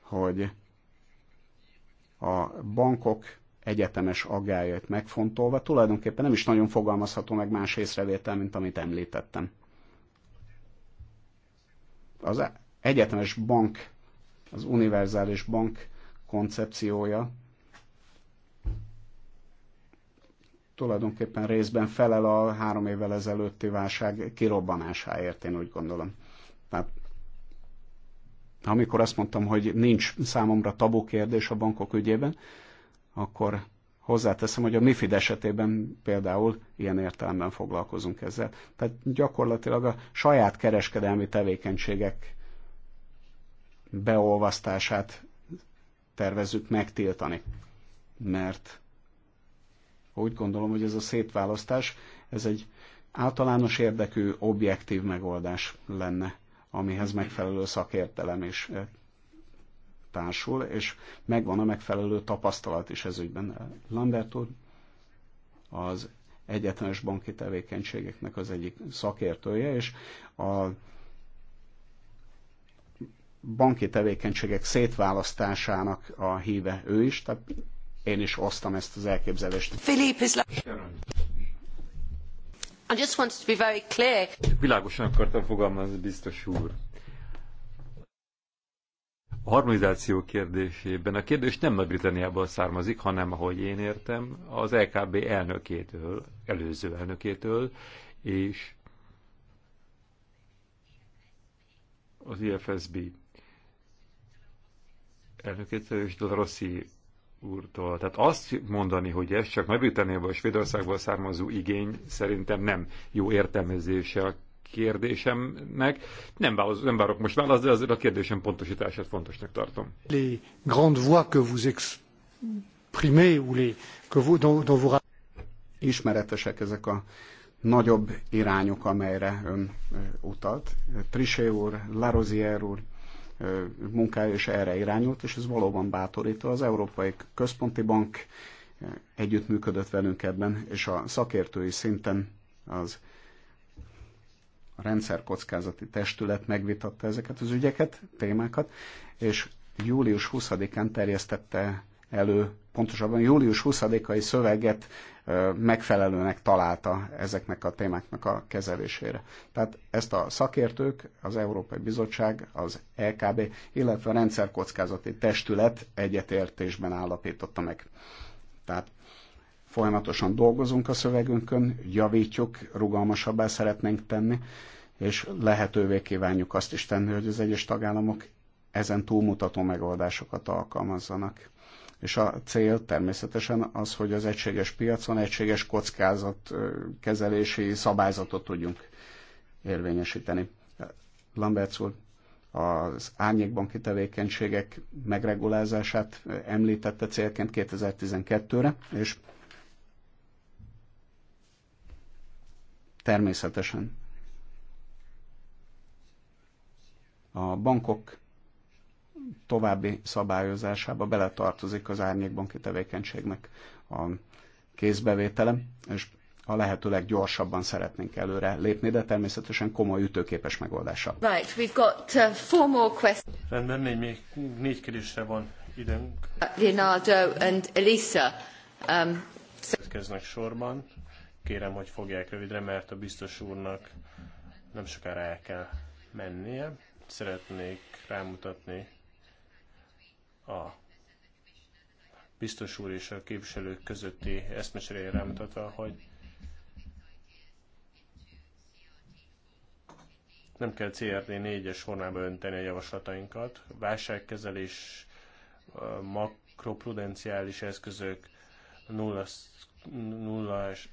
hogy a bankok egyetemes aggájait megfontolva tulajdonképpen nem is nagyon fogalmazható meg más észrevétel, mint amit említettem. Az egyetemes bank, az univerzális bank koncepciója tulajdonképpen részben felel a három évvel ezelőtti válság kirobbanásáért, én úgy gondolom. Tehát amikor azt mondtam, hogy nincs számomra tabu kérdés a bankok ügyében, akkor hozzáteszem, hogy a MIFID esetében például ilyen értelemben foglalkozunk ezzel. Tehát gyakorlatilag a saját kereskedelmi tevékenységek beolvasztását tervezzük megtiltani. Mert úgy gondolom, hogy ez a szétválasztás, ez egy általános érdekű, objektív megoldás lenne amihez megfelelő szakértelem is eh, társul, és megvan a megfelelő tapasztalat is ez ügyben. Lambert úr az egyetlenes banki tevékenységeknek az egyik szakértője, és a banki tevékenységek szétválasztásának a híve ő is, tehát én is osztam ezt az elképzelést. is I just wanted to be very clear. Világosan akartam fogalmazni, biztos úr. A harmonizáció kérdésében a kérdés nem Nagy-Britanniából származik, hanem, ahogy én értem, az LKB e elnökétől, előző elnökétől, és az IFSB elnökétől és Doloroszi úrtól. Tehát azt mondani, hogy ez csak Nagy-Britanniából, Svédországból származó igény szerintem nem jó értelmezése a kérdésemnek. Nem, válasz, nem várok most választ, de azért a kérdésem pontosítását fontosnak tartom. Les grandes voix que vous exprimez, ou les, que vous, dont, dont vous... Ismeretesek ezek a nagyobb irányok, amelyre ön utalt. Trisé úr, Larosier úr, munkája is erre irányult, és ez valóban bátorító. Az Európai Központi Bank együttműködött velünk ebben, és a szakértői szinten az a rendszerkockázati testület megvitatta ezeket az ügyeket, témákat, és július 20-án terjesztette elő, pontosabban július 20-ai szöveget megfelelőnek találta ezeknek a témáknak a kezelésére. Tehát ezt a szakértők, az Európai Bizottság, az LKB, e illetve a rendszerkockázati testület egyetértésben állapította meg. Tehát folyamatosan dolgozunk a szövegünkön, javítjuk, rugalmasabbá szeretnénk tenni, és lehetővé kívánjuk azt is tenni, hogy az egyes tagállamok ezen túlmutató megoldásokat alkalmazzanak és a cél természetesen az, hogy az egységes piacon egységes kezelési szabályzatot tudjunk érvényesíteni. Lamberts úr az árnyékbanki tevékenységek megregulázását említette célként 2012-re, és természetesen a bankok további szabályozásába beletartozik az árnyékbanki tevékenységnek a kézbevételem, és a lehető leggyorsabban szeretnénk előre lépni, de természetesen komoly ütőképes megoldása. Right, we've got uh, four more questions. Rendben, négy, még, négy kérdésre van időnk. Leonardo and Elisa. Um, so... sorban. Kérem, hogy fogják rövidre, mert a biztos úrnak nem sokára el kell mennie. Szeretnék rámutatni a biztos úr és a képviselők közötti eszmecserére rámutatva, hogy nem kell CRD 4-es formába önteni a javaslatainkat. Válságkezelés, makroprudenciális eszközök, nulla, nullás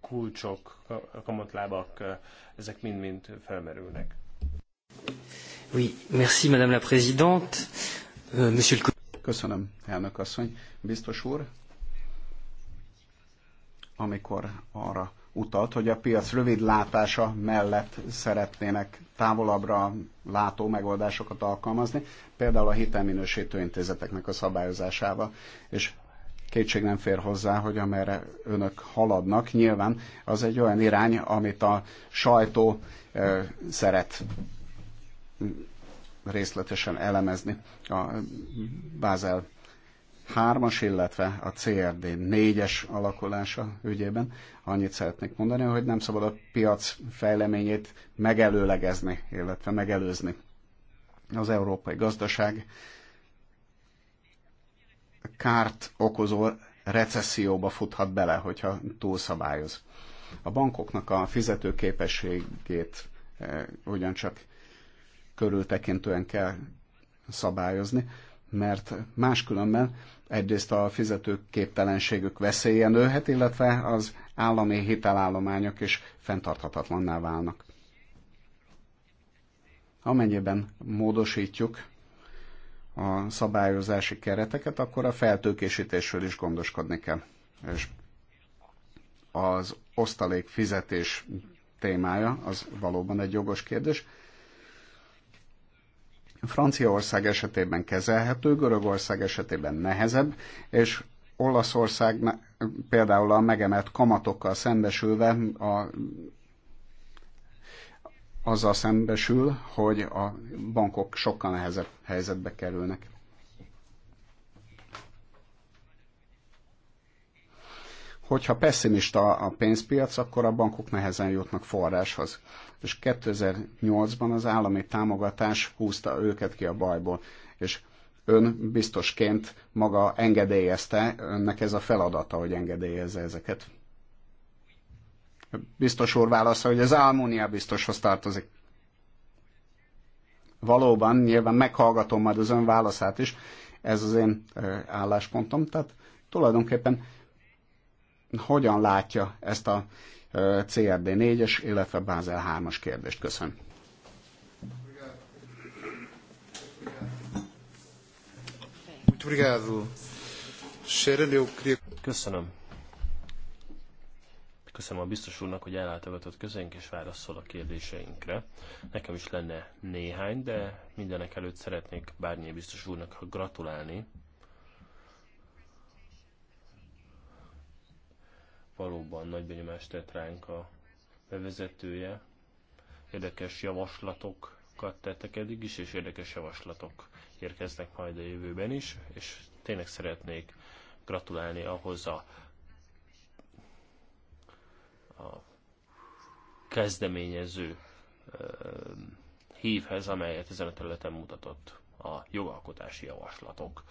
kulcsok, kamatlábak, ezek mind-mind felmerülnek. Oui, merci Madame la Présidente. Köszönöm, elnök asszony. Biztos úr, amikor arra utalt, hogy a piac rövid látása mellett szeretnének távolabbra látó megoldásokat alkalmazni, például a hitelminősítő intézeteknek a szabályozásával. És kétség nem fér hozzá, hogy amerre önök haladnak, nyilván az egy olyan irány, amit a sajtó szeret részletesen elemezni a Bázel 3-as, illetve a CRD 4-es alakulása ügyében. Annyit szeretnék mondani, hogy nem szabad a piac fejleményét megelőlegezni, illetve megelőzni. Az európai gazdaság kárt okozó recesszióba futhat bele, hogyha túlszabályoz. A bankoknak a fizetőképességét eh, ugyancsak körültekintően kell szabályozni, mert máskülönben egyrészt a fizetők képtelenségük veszélye nőhet, illetve az állami hitelállományok is fenntarthatatlanná válnak. Amennyiben módosítjuk a szabályozási kereteket, akkor a feltőkésítésről is gondoskodni kell. És az osztalék fizetés témája az valóban egy jogos kérdés Franciaország esetében kezelhető, Görögország esetében nehezebb, és Olaszország például a megemelt kamatokkal szembesülve a, azzal szembesül, hogy a bankok sokkal nehezebb helyzetbe kerülnek. Hogyha pessimista a pénzpiac, akkor a bankok nehezen jutnak forráshoz és 2008-ban az állami támogatás húzta őket ki a bajból, és ön biztosként maga engedélyezte, önnek ez a feladata, hogy engedélyezze ezeket. Biztos úr válasza, hogy az Almónia biztoshoz tartozik. Valóban, nyilván meghallgatom majd az ön válaszát is, ez az én álláspontom. Tehát tulajdonképpen hogyan látja ezt a CRD 4-es, illetve Bázel 3-as kérdést. Köszönöm. Köszönöm. Köszönöm a biztos úrnak, hogy ellátogatott közénk és válaszol a kérdéseinkre. Nekem is lenne néhány, de mindenek előtt szeretnék bármilyen biztos úrnak gratulálni valóban nagy benyomást tett ránk a bevezetője. Érdekes javaslatokat tettek eddig is, és érdekes javaslatok érkeznek majd a jövőben is, és tényleg szeretnék gratulálni ahhoz a, a kezdeményező hívhez, amelyet ezen a területen mutatott a jogalkotási javaslatok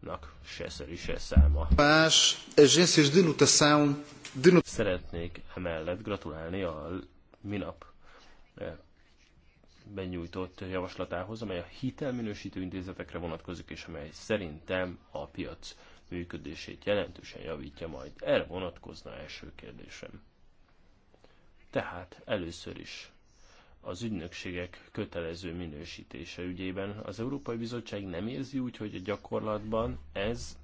nak se szeri, se száma. Más Szeretnék emellett gratulálni a minap eh, benyújtott javaslatához, amely a hitelminősítő intézetekre vonatkozik, és amely szerintem a piac működését jelentősen javítja majd. Erre vonatkozna első kérdésem. Tehát először is az ügynökségek kötelező minősítése ügyében. Az Európai Bizottság nem érzi úgy, hogy a gyakorlatban ez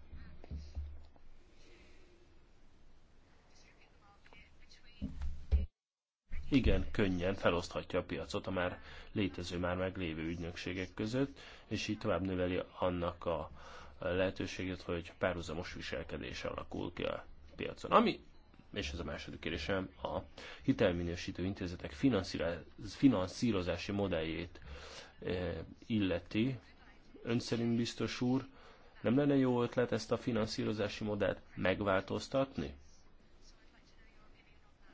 igen könnyen feloszthatja a piacot a már létező, már meglévő ügynökségek között, és így tovább növeli annak a lehetőséget, hogy párhuzamos viselkedés alakul ki a piacon. Ami és ez a második kérdésem, a hitelminősítő intézetek finanszírozási modelljét eh, illeti. Ön szerint biztos úr, nem lenne jó ötlet ezt a finanszírozási modellt megváltoztatni?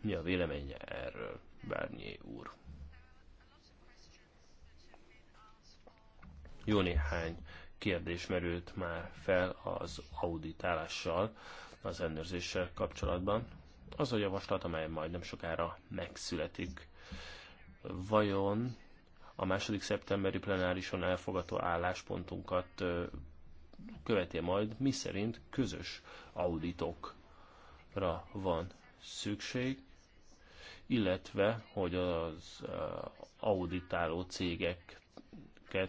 Mi a véleménye erről, Bárnyé úr? Jó néhány kérdés merült már fel az auditálással, az ellenőrzéssel kapcsolatban az a javaslat, amely majd nem sokára megszületik. Vajon a második szeptemberi plenárison elfogadó álláspontunkat követi majd, mi szerint közös auditokra van szükség, illetve hogy az auditáló cégek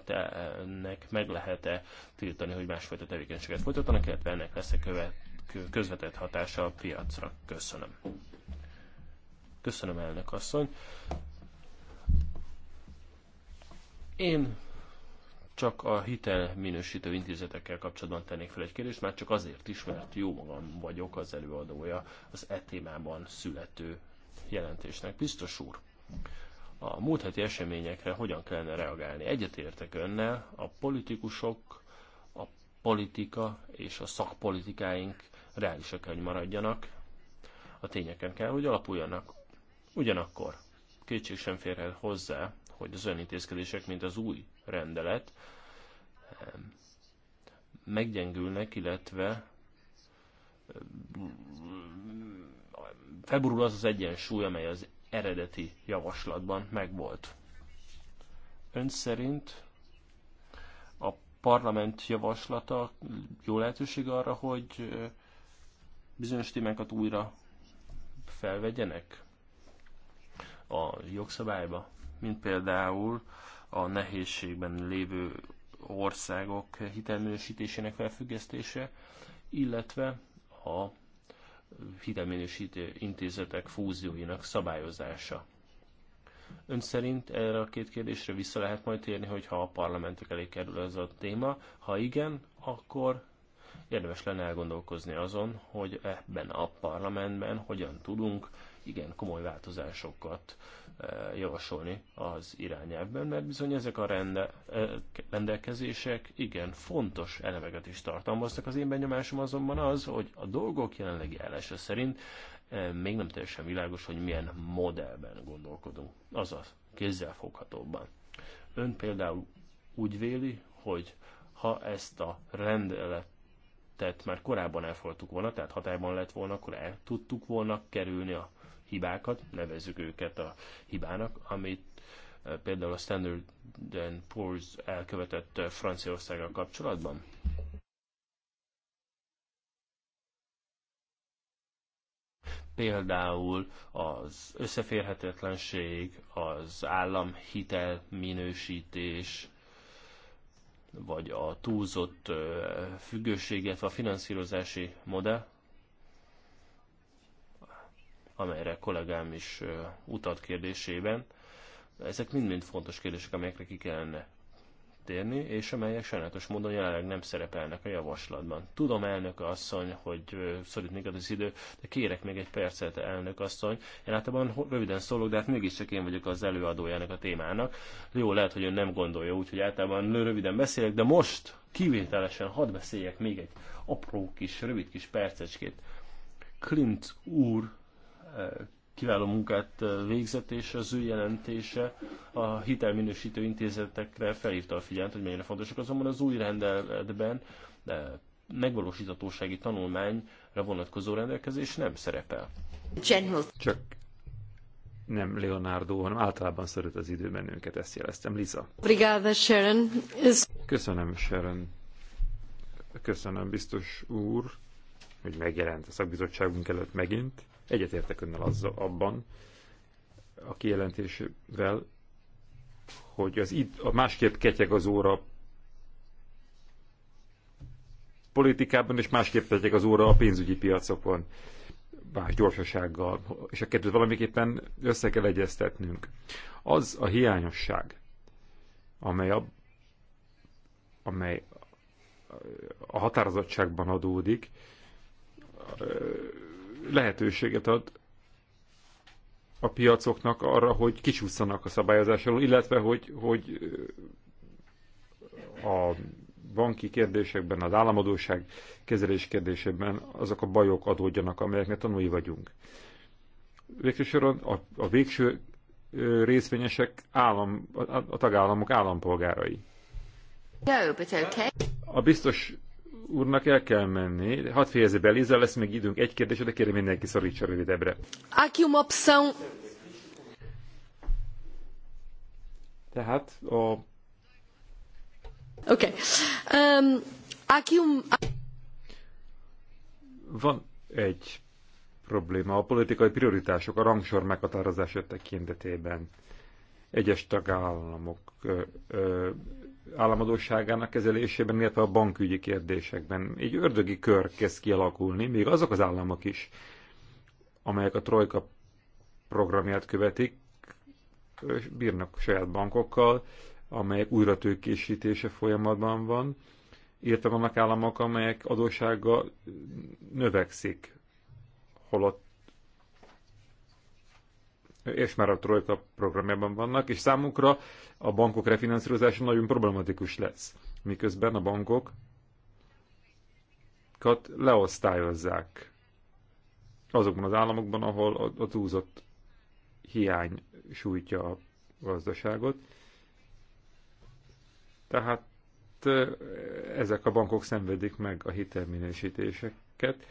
e, ennek meg lehet-e tiltani, hogy másfajta tevékenységet folytatnak, illetve ennek lesz-e követ, közvetett hatása a piacra. Köszönöm. Köszönöm, elnök asszony. Én csak a hitel minősítő intézetekkel kapcsolatban tennék fel egy kérdést, már csak azért is, mert jó magam vagyok az előadója az e témában születő jelentésnek. Biztos úr, a múlt heti eseményekre hogyan kellene reagálni? Egyetértek önnel, a politikusok, a politika és a szakpolitikáink reálisak kell, hogy maradjanak, a tényeken kell, hogy alapuljanak. Ugyanakkor kétség sem férhet hozzá, hogy az önintézkedések, mint az új rendelet meggyengülnek, illetve felborul az az egyensúly, amely az eredeti javaslatban megvolt. Ön szerint a parlament javaslata jó lehetőség arra, hogy bizonyos témákat újra felvegyenek a jogszabályba, mint például a nehézségben lévő országok hitelminősítésének felfüggesztése, illetve a hitelminősítő intézetek fúzióinak szabályozása. Ön szerint erre a két kérdésre vissza lehet majd térni, hogyha a parlamentek elé kerül ez a téma? Ha igen, akkor érdemes lenne elgondolkozni azon, hogy ebben a parlamentben hogyan tudunk igen komoly változásokat eh, javasolni az irányelvben, mert bizony ezek a rende, eh, rendelkezések igen fontos elemeket is tartalmaztak. Az én benyomásom azonban az, hogy a dolgok jelenlegi állása szerint eh, még nem teljesen világos, hogy milyen modellben gondolkodunk, azaz kézzelfoghatóbban. Ön például úgy véli, hogy ha ezt a rendelet tett már korábban elfogadtuk volna, tehát hatályban lett volna, akkor el tudtuk volna kerülni a hibákat, nevezzük őket a hibának, amit eh, például a Standard Poor's elkövetett eh, Franciaországgal kapcsolatban? Például az összeférhetetlenség, az államhitel minősítés, vagy a túlzott függőség, illetve a finanszírozási modell, amelyre kollégám is utalt kérdésében. Ezek mind-mind fontos kérdések, amelyekre ki kellene térni, és amelyek sajnálatos módon jelenleg nem szerepelnek a javaslatban. Tudom, elnök asszony, hogy szorít még az idő, de kérek még egy percet, elnök asszony. Én általában röviden szólok, de hát mégiscsak én vagyok az előadójának a témának. Jó, lehet, hogy ön nem gondolja, úgyhogy általában röviden beszélek, de most kivételesen hadd beszéljek még egy apró kis, rövid kis percecskét. Clint úr kiváló munkát eh, végzett, és az ő jelentése a hitelminősítő intézetekre felhívta a figyelmet, hogy mennyire fontosak. Azonban az új rendeletben eh, megvalósítatósági tanulmányra vonatkozó rendelkezés nem szerepel. General. Csak nem Leonardo, hanem általában szorít az időben őket, ezt jeleztem. Liza. Brigada Sharon. Köszönöm, Sharon. Köszönöm, biztos úr, hogy megjelent a szakbizottságunk előtt megint. Egyetértek önnel azzal abban, a kijelentésével, hogy az id, a másképp ketyeg az óra politikában, és másképp ketyeg az óra a pénzügyi piacokon más gyorsasággal, és a kettőt valamiképpen össze kell egyeztetnünk. Az a hiányosság, amely a, amely a határozottságban adódik, lehetőséget ad a piacoknak arra, hogy kicsúszanak a szabályozásról, illetve hogy, hogy a banki kérdésekben, az államadóság kezelés kérdésében azok a bajok adódjanak, amelyeknek tanulni vagyunk. Végső a, a végső részvényesek állam, a, a tagállamok állampolgárai. No, but okay. A biztos úrnak el kell menni. Hadd fejezze be, Liza, lesz még időnk egy kérdésre, de kérem mindenki szorítsa rövidebbre. Aki uma opção. Tehát a... Oké. Okay. Um, um... Van egy probléma a politikai prioritások, a rangsor meghatározása tekintetében. Egyes tagállamok ö, ö, államadóságának kezelésében, illetve a bankügyi kérdésekben. Egy ördögi kör kezd kialakulni, még azok az államok is, amelyek a Trojka programját követik, és bírnak saját bankokkal, amelyek tőkésítése folyamatban van, illetve vannak államok, amelyek adósága növekszik, holott és már a Trojka programjában vannak, és számukra a bankok refinanszírozása nagyon problematikus lesz, miközben a bankokat leosztályozzák azokban az államokban, ahol a, a túlzott hiány sújtja a gazdaságot. Tehát ezek a bankok szenvedik meg a hitelminősítéseket,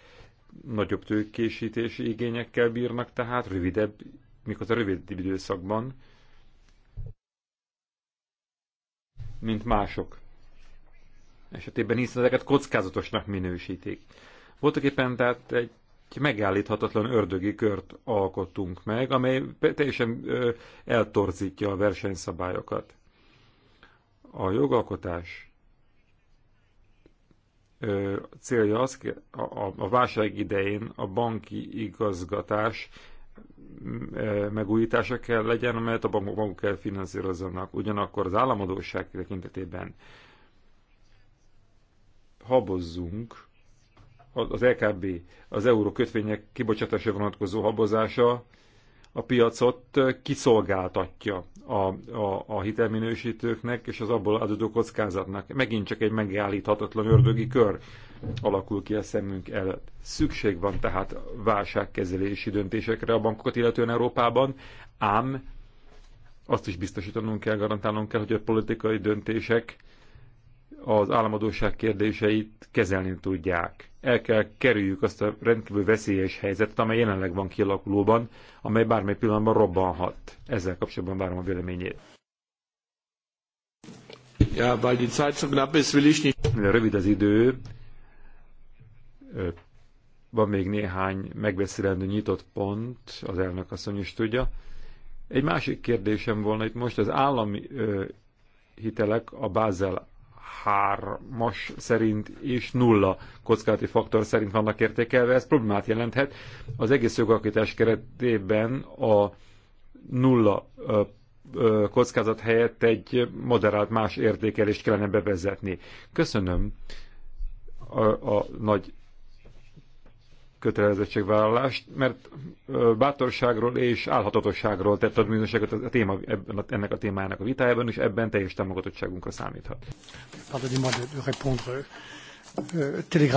nagyobb tőkésítési igényekkel bírnak, tehát rövidebb a rövid időszakban, mint mások esetében, hiszen ezeket kockázatosnak minősítik. Voltak éppen tehát egy megállíthatatlan ördögi kört alkottunk meg, amely teljesen eltorzítja a versenyszabályokat. A jogalkotás célja az, a, a válság idején a banki igazgatás megújítása kell legyen, amelyet a bankok maguk kell finanszírozzanak. Ugyanakkor az államadóság tekintetében habozzunk, az LKB, az euró kötvények kibocsátásra vonatkozó habozása a piacot kiszolgáltatja a, a, a hitelminősítőknek és az abból adódó kockázatnak. Megint csak egy megállíthatatlan ördögi kör alakul ki a szemünk előtt. Szükség van tehát válságkezelési döntésekre a bankokat illetően Európában, ám azt is biztosítanunk kell, garantálnunk kell, hogy a politikai döntések az államadóság kérdéseit kezelni tudják. El kell kerüljük azt a rendkívül veszélyes helyzetet, amely jelenleg van kialakulóban, amely bármely pillanatban robbanhat. Ezzel kapcsolatban várom a véleményét. Ja, weil die Zeit so knapp ist, will ich nicht. Rövid az idő, van még néhány megbeszélendő nyitott pont, az elnök asszony is tudja. Egy másik kérdésem volna itt most, az állami hitelek a Bázel 3-as szerint és nulla kockázati faktor szerint vannak értékelve, ez problémát jelenthet. Az egész jogalkotás keretében a nulla kockázat helyett egy moderált más értékelést kellene bevezetni. Köszönöm a, a nagy kötelezettségvállalást, mert bátorságról és állhatatosságról tett a bizonyságot a téma, ebben, ennek a témának a vitájában, és ebben teljes támogatottságunkra számíthat. Euh,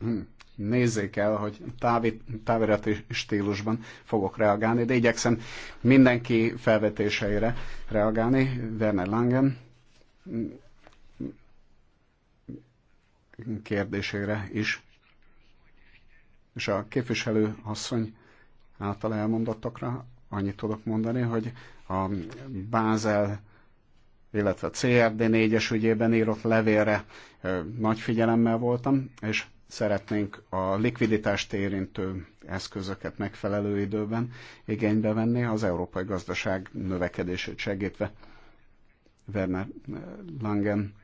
hm, nézzék el, hogy távi, távirati stílusban fogok reagálni, de igyekszem mindenki felvetéseire reagálni. Werner Langen hm, hm, kérdésére is és a képviselő asszony által elmondottakra annyit tudok mondani, hogy a Bázel, illetve a CRD 4-es ügyében írott levélre nagy figyelemmel voltam, és szeretnénk a likviditást érintő eszközöket megfelelő időben igénybe venni, az európai gazdaság növekedését segítve. Werner Langen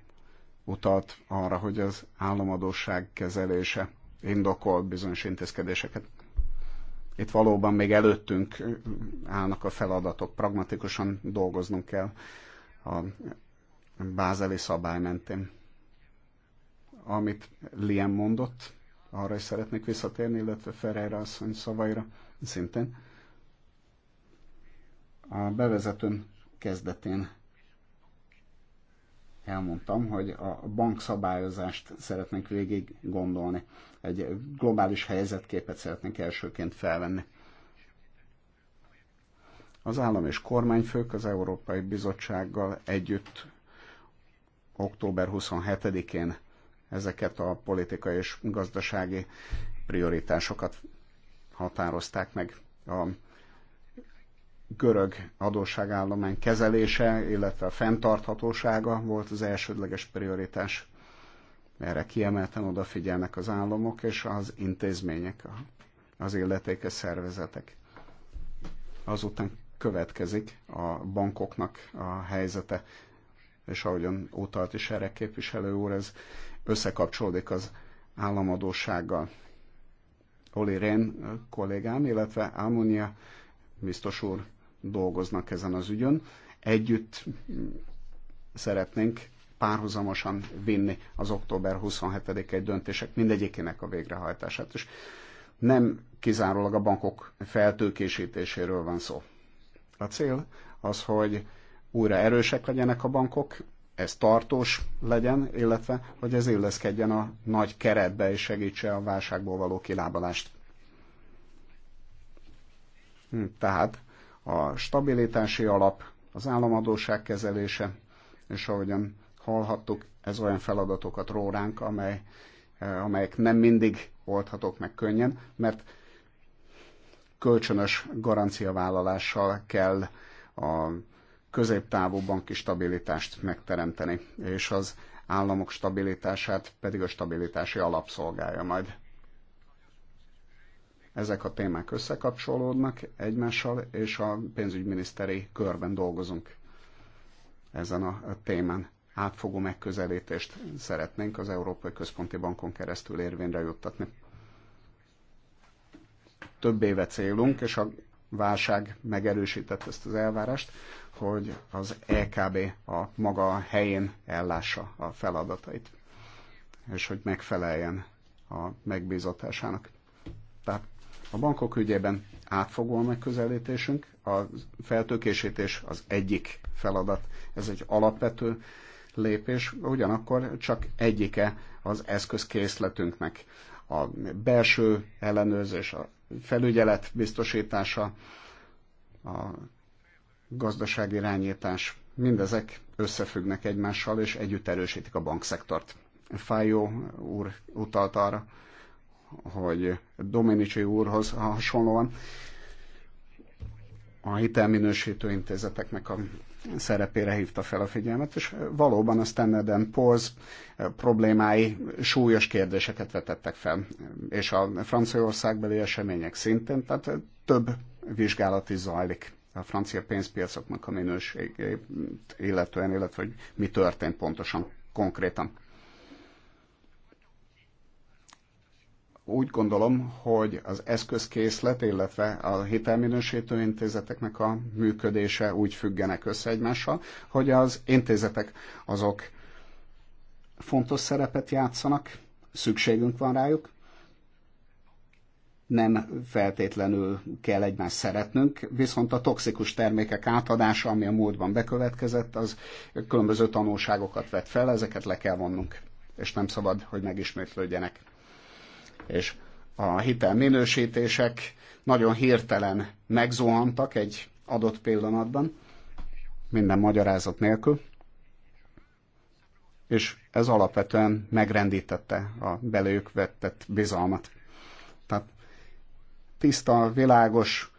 utalt arra, hogy az államadóság kezelése indokol bizonyos intézkedéseket. Itt valóban még előttünk állnak a feladatok, pragmatikusan dolgoznunk kell a bázeli szabály mentén. Amit Liam mondott, arra is szeretnék visszatérni, illetve Ferreira asszony szavaira szintén. A bevezetőn kezdetén elmondtam, hogy a bankszabályozást szeretnénk végig gondolni. Egy globális helyzetképet szeretnénk elsőként felvenni. Az állam és kormányfők az Európai Bizottsággal együtt október 27-én ezeket a politikai és gazdasági prioritásokat határozták meg. A görög adósságállomány kezelése, illetve a fenntarthatósága volt az elsődleges prioritás. Erre kiemelten odafigyelnek az államok és az intézmények, az illetékes szervezetek. Azután következik a bankoknak a helyzete, és ahogyan utalt is erre képviselő úr, ez összekapcsolódik az államadósággal. Oli Rén kollégám, illetve Almunia biztos úr dolgoznak ezen az ügyön. Együtt szeretnénk párhuzamosan vinni az október 27-i döntések mindegyikének a végrehajtását. És nem kizárólag a bankok feltőkésítéséről van szó. A cél az, hogy újra erősek legyenek a bankok, ez tartós legyen, illetve hogy ez illeszkedjen a nagy keretbe és segítse a válságból való kilábalást. Hm, tehát a stabilitási alap, az államadóság kezelése, és ahogyan hallhattuk, ez olyan feladatokat ránk, amely, eh, amelyek nem mindig oldhatók meg könnyen, mert kölcsönös garanciavállalással kell a középtávú banki stabilitást megteremteni, és az államok stabilitását pedig a stabilitási alapszolgálja majd. Ezek a témák összekapcsolódnak egymással, és a pénzügyminiszteri körben dolgozunk ezen a témán. Átfogó megközelítést szeretnénk az Európai Központi Bankon keresztül érvényre juttatni. Több éve célunk, és a válság megerősített ezt az elvárást, hogy az EKB a maga helyén ellássa a feladatait, és hogy megfeleljen a megbízatásának. A bankok ügyében átfogó a megközelítésünk, a feltőkésítés az egyik feladat, ez egy alapvető lépés, ugyanakkor csak egyike az eszközkészletünknek. A belső ellenőrzés, a felügyelet biztosítása, a irányítás, mindezek összefüggnek egymással, és együtt erősítik a bankszektort. Fájó úr utalt arra, hogy Domenici úrhoz hasonlóan a hitelminősítő intézeteknek a szerepére hívta fel a figyelmet, és valóban a Standard Poor's problémái súlyos kérdéseket vetettek fel, és a franciaországbeli események szintén, tehát több vizsgálat is zajlik a francia pénzpiacoknak a minőségét illetően, illetve hogy mi történt pontosan konkrétan. úgy gondolom, hogy az eszközkészlet, illetve a hitelminősítő intézeteknek a működése úgy függenek össze egymással, hogy az intézetek azok fontos szerepet játszanak, szükségünk van rájuk, nem feltétlenül kell egymást szeretnünk, viszont a toxikus termékek átadása, ami a múltban bekövetkezett, az különböző tanulságokat vett fel, ezeket le kell vonnunk, és nem szabad, hogy megismétlődjenek és a hitelminősítések nagyon hirtelen megzuhantak egy adott pillanatban, minden magyarázat nélkül, és ez alapvetően megrendítette a belők vettett bizalmat. Tehát tiszta, világos,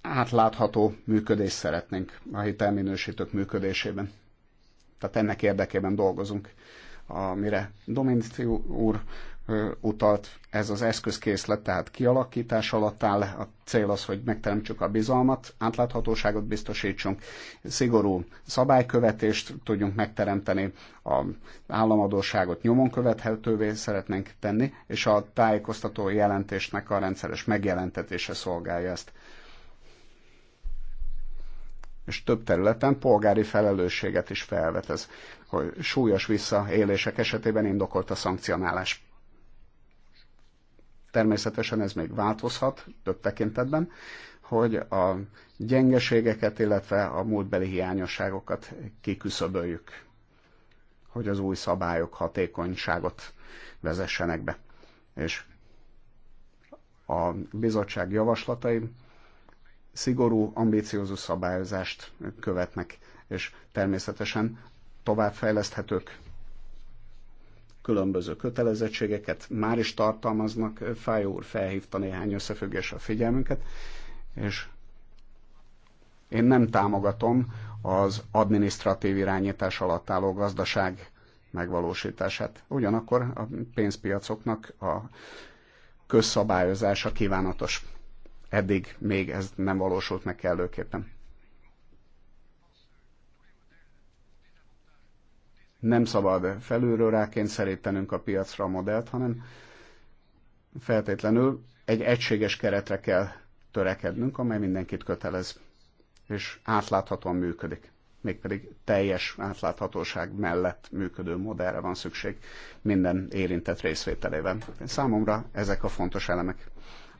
átlátható működést szeretnénk a hitelminősítők működésében. Tehát ennek érdekében dolgozunk, amire Dominici úr utalt ez az eszközkészlet, tehát kialakítás alatt áll. A cél az, hogy megteremtsük a bizalmat, átláthatóságot biztosítsunk, szigorú szabálykövetést tudjunk megteremteni, a államadóságot nyomon követhetővé szeretnénk tenni, és a tájékoztató jelentésnek a rendszeres megjelentetése szolgálja ezt és több területen polgári felelősséget is felvet ez, hogy súlyos visszaélések esetében indokolt a szankcionálás. Természetesen ez még változhat több tekintetben, hogy a gyengeségeket, illetve a múltbeli hiányosságokat kiküszöböljük, hogy az új szabályok hatékonyságot vezessenek be. És a bizottság javaslatai szigorú, ambíciózus szabályozást követnek, és természetesen továbbfejleszthetők különböző kötelezettségeket már is tartalmaznak. Fájó úr felhívta néhány összefüggés a figyelmünket, és én nem támogatom az administratív irányítás alatt álló gazdaság megvalósítását. Ugyanakkor a pénzpiacoknak a közszabályozása kívánatos. Eddig még ez nem valósult meg kellőképpen. Nem szabad felülről rákényszerítenünk a piacra a modellt, hanem feltétlenül egy egységes keretre kell törekednünk, amely mindenkit kötelez, és átláthatóan működik mégpedig teljes átláthatóság mellett működő modellre van szükség minden érintett részvételében. Számomra ezek a fontos elemek.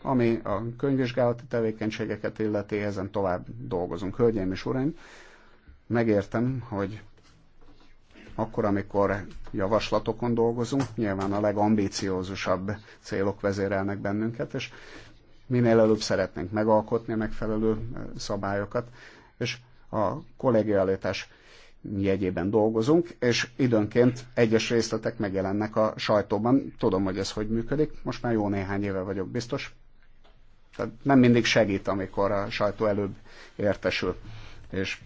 Ami a könyvvizsgálati tevékenységeket illeti, ezen tovább dolgozunk. Hölgyeim és uraim, megértem, hogy akkor, amikor javaslatokon dolgozunk, nyilván a legambíciózusabb célok vezérelnek bennünket, és minél előbb szeretnénk megalkotni a megfelelő eh, szabályokat, és a kollégialitás jegyében dolgozunk, és időnként egyes részletek megjelennek a sajtóban. Tudom, hogy ez hogy működik, most már jó néhány éve vagyok biztos. Tehát nem mindig segít, amikor a sajtó előbb értesül. És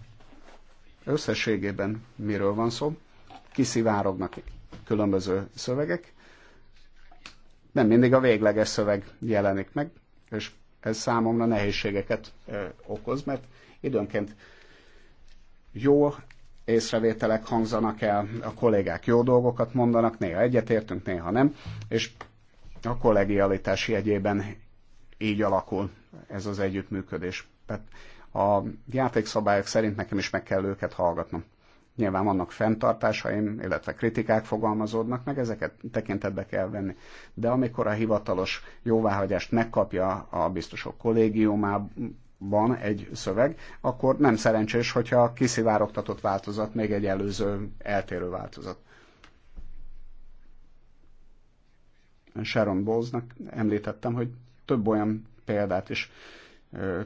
összességében miről van szó? kiszivárognak különböző szövegek, nem mindig a végleges szöveg jelenik meg, és ez számomra nehézségeket okoz, mert időnként jó észrevételek hangzanak el, a kollégák jó dolgokat mondanak, néha egyetértünk, néha nem, és a kollegialitás jegyében így alakul ez az együttműködés. Tehát a játékszabályok szerint nekem is meg kell őket hallgatnom. Nyilván vannak fenntartásaim, illetve kritikák fogalmazódnak meg, ezeket tekintetbe kell venni. De amikor a hivatalos jóváhagyást megkapja a biztosok kollégiumában egy szöveg, akkor nem szerencsés, hogyha a kiszivárogtatott változat még egy előző eltérő változat. Sharon Bowlesnak említettem, hogy több olyan példát is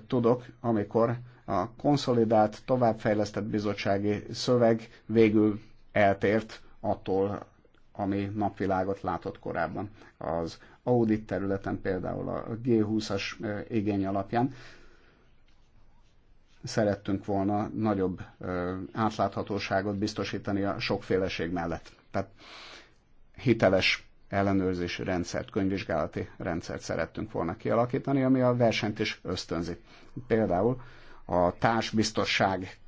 tudok, amikor a konszolidált, továbbfejlesztett bizottsági szöveg végül eltért attól, ami napvilágot látott korábban. Az audit területen például a G20-as igény alapján szerettünk volna nagyobb átláthatóságot biztosítani a sokféleség mellett. Tehát hiteles ellenőrzési rendszert, könyvvizsgálati rendszert szerettünk volna kialakítani, ami a versenyt is ösztönzi. Például a társbiztosság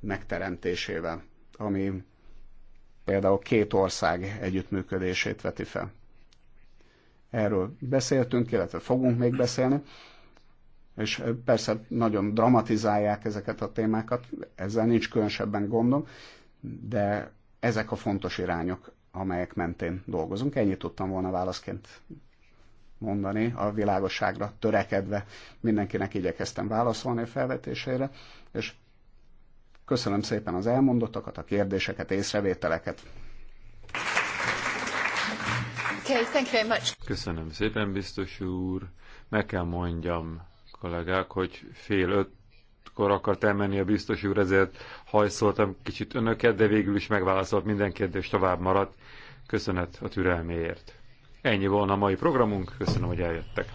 megteremtésével, ami például két ország együttműködését veti fel. Erről beszéltünk, illetve fogunk még beszélni, és persze nagyon dramatizálják ezeket a témákat, ezzel nincs különösebben gondom, de ezek a fontos irányok, amelyek mentén dolgozunk. Ennyit tudtam volna válaszként mondani a világosságra törekedve. Mindenkinek igyekeztem válaszolni a felvetésére, és köszönöm szépen az elmondottakat, a kérdéseket, észrevételeket. Okay, thank you very much. Köszönöm szépen, biztos úr. Meg kell mondjam, kollégák, hogy fél öt akkor akart elmenni a biztos úr, ezért hajszoltam kicsit önöket, de végül is megválaszolt minden kérdés, tovább maradt. Köszönet a türelméért. Ennyi volna a mai programunk, köszönöm, hogy eljöttek.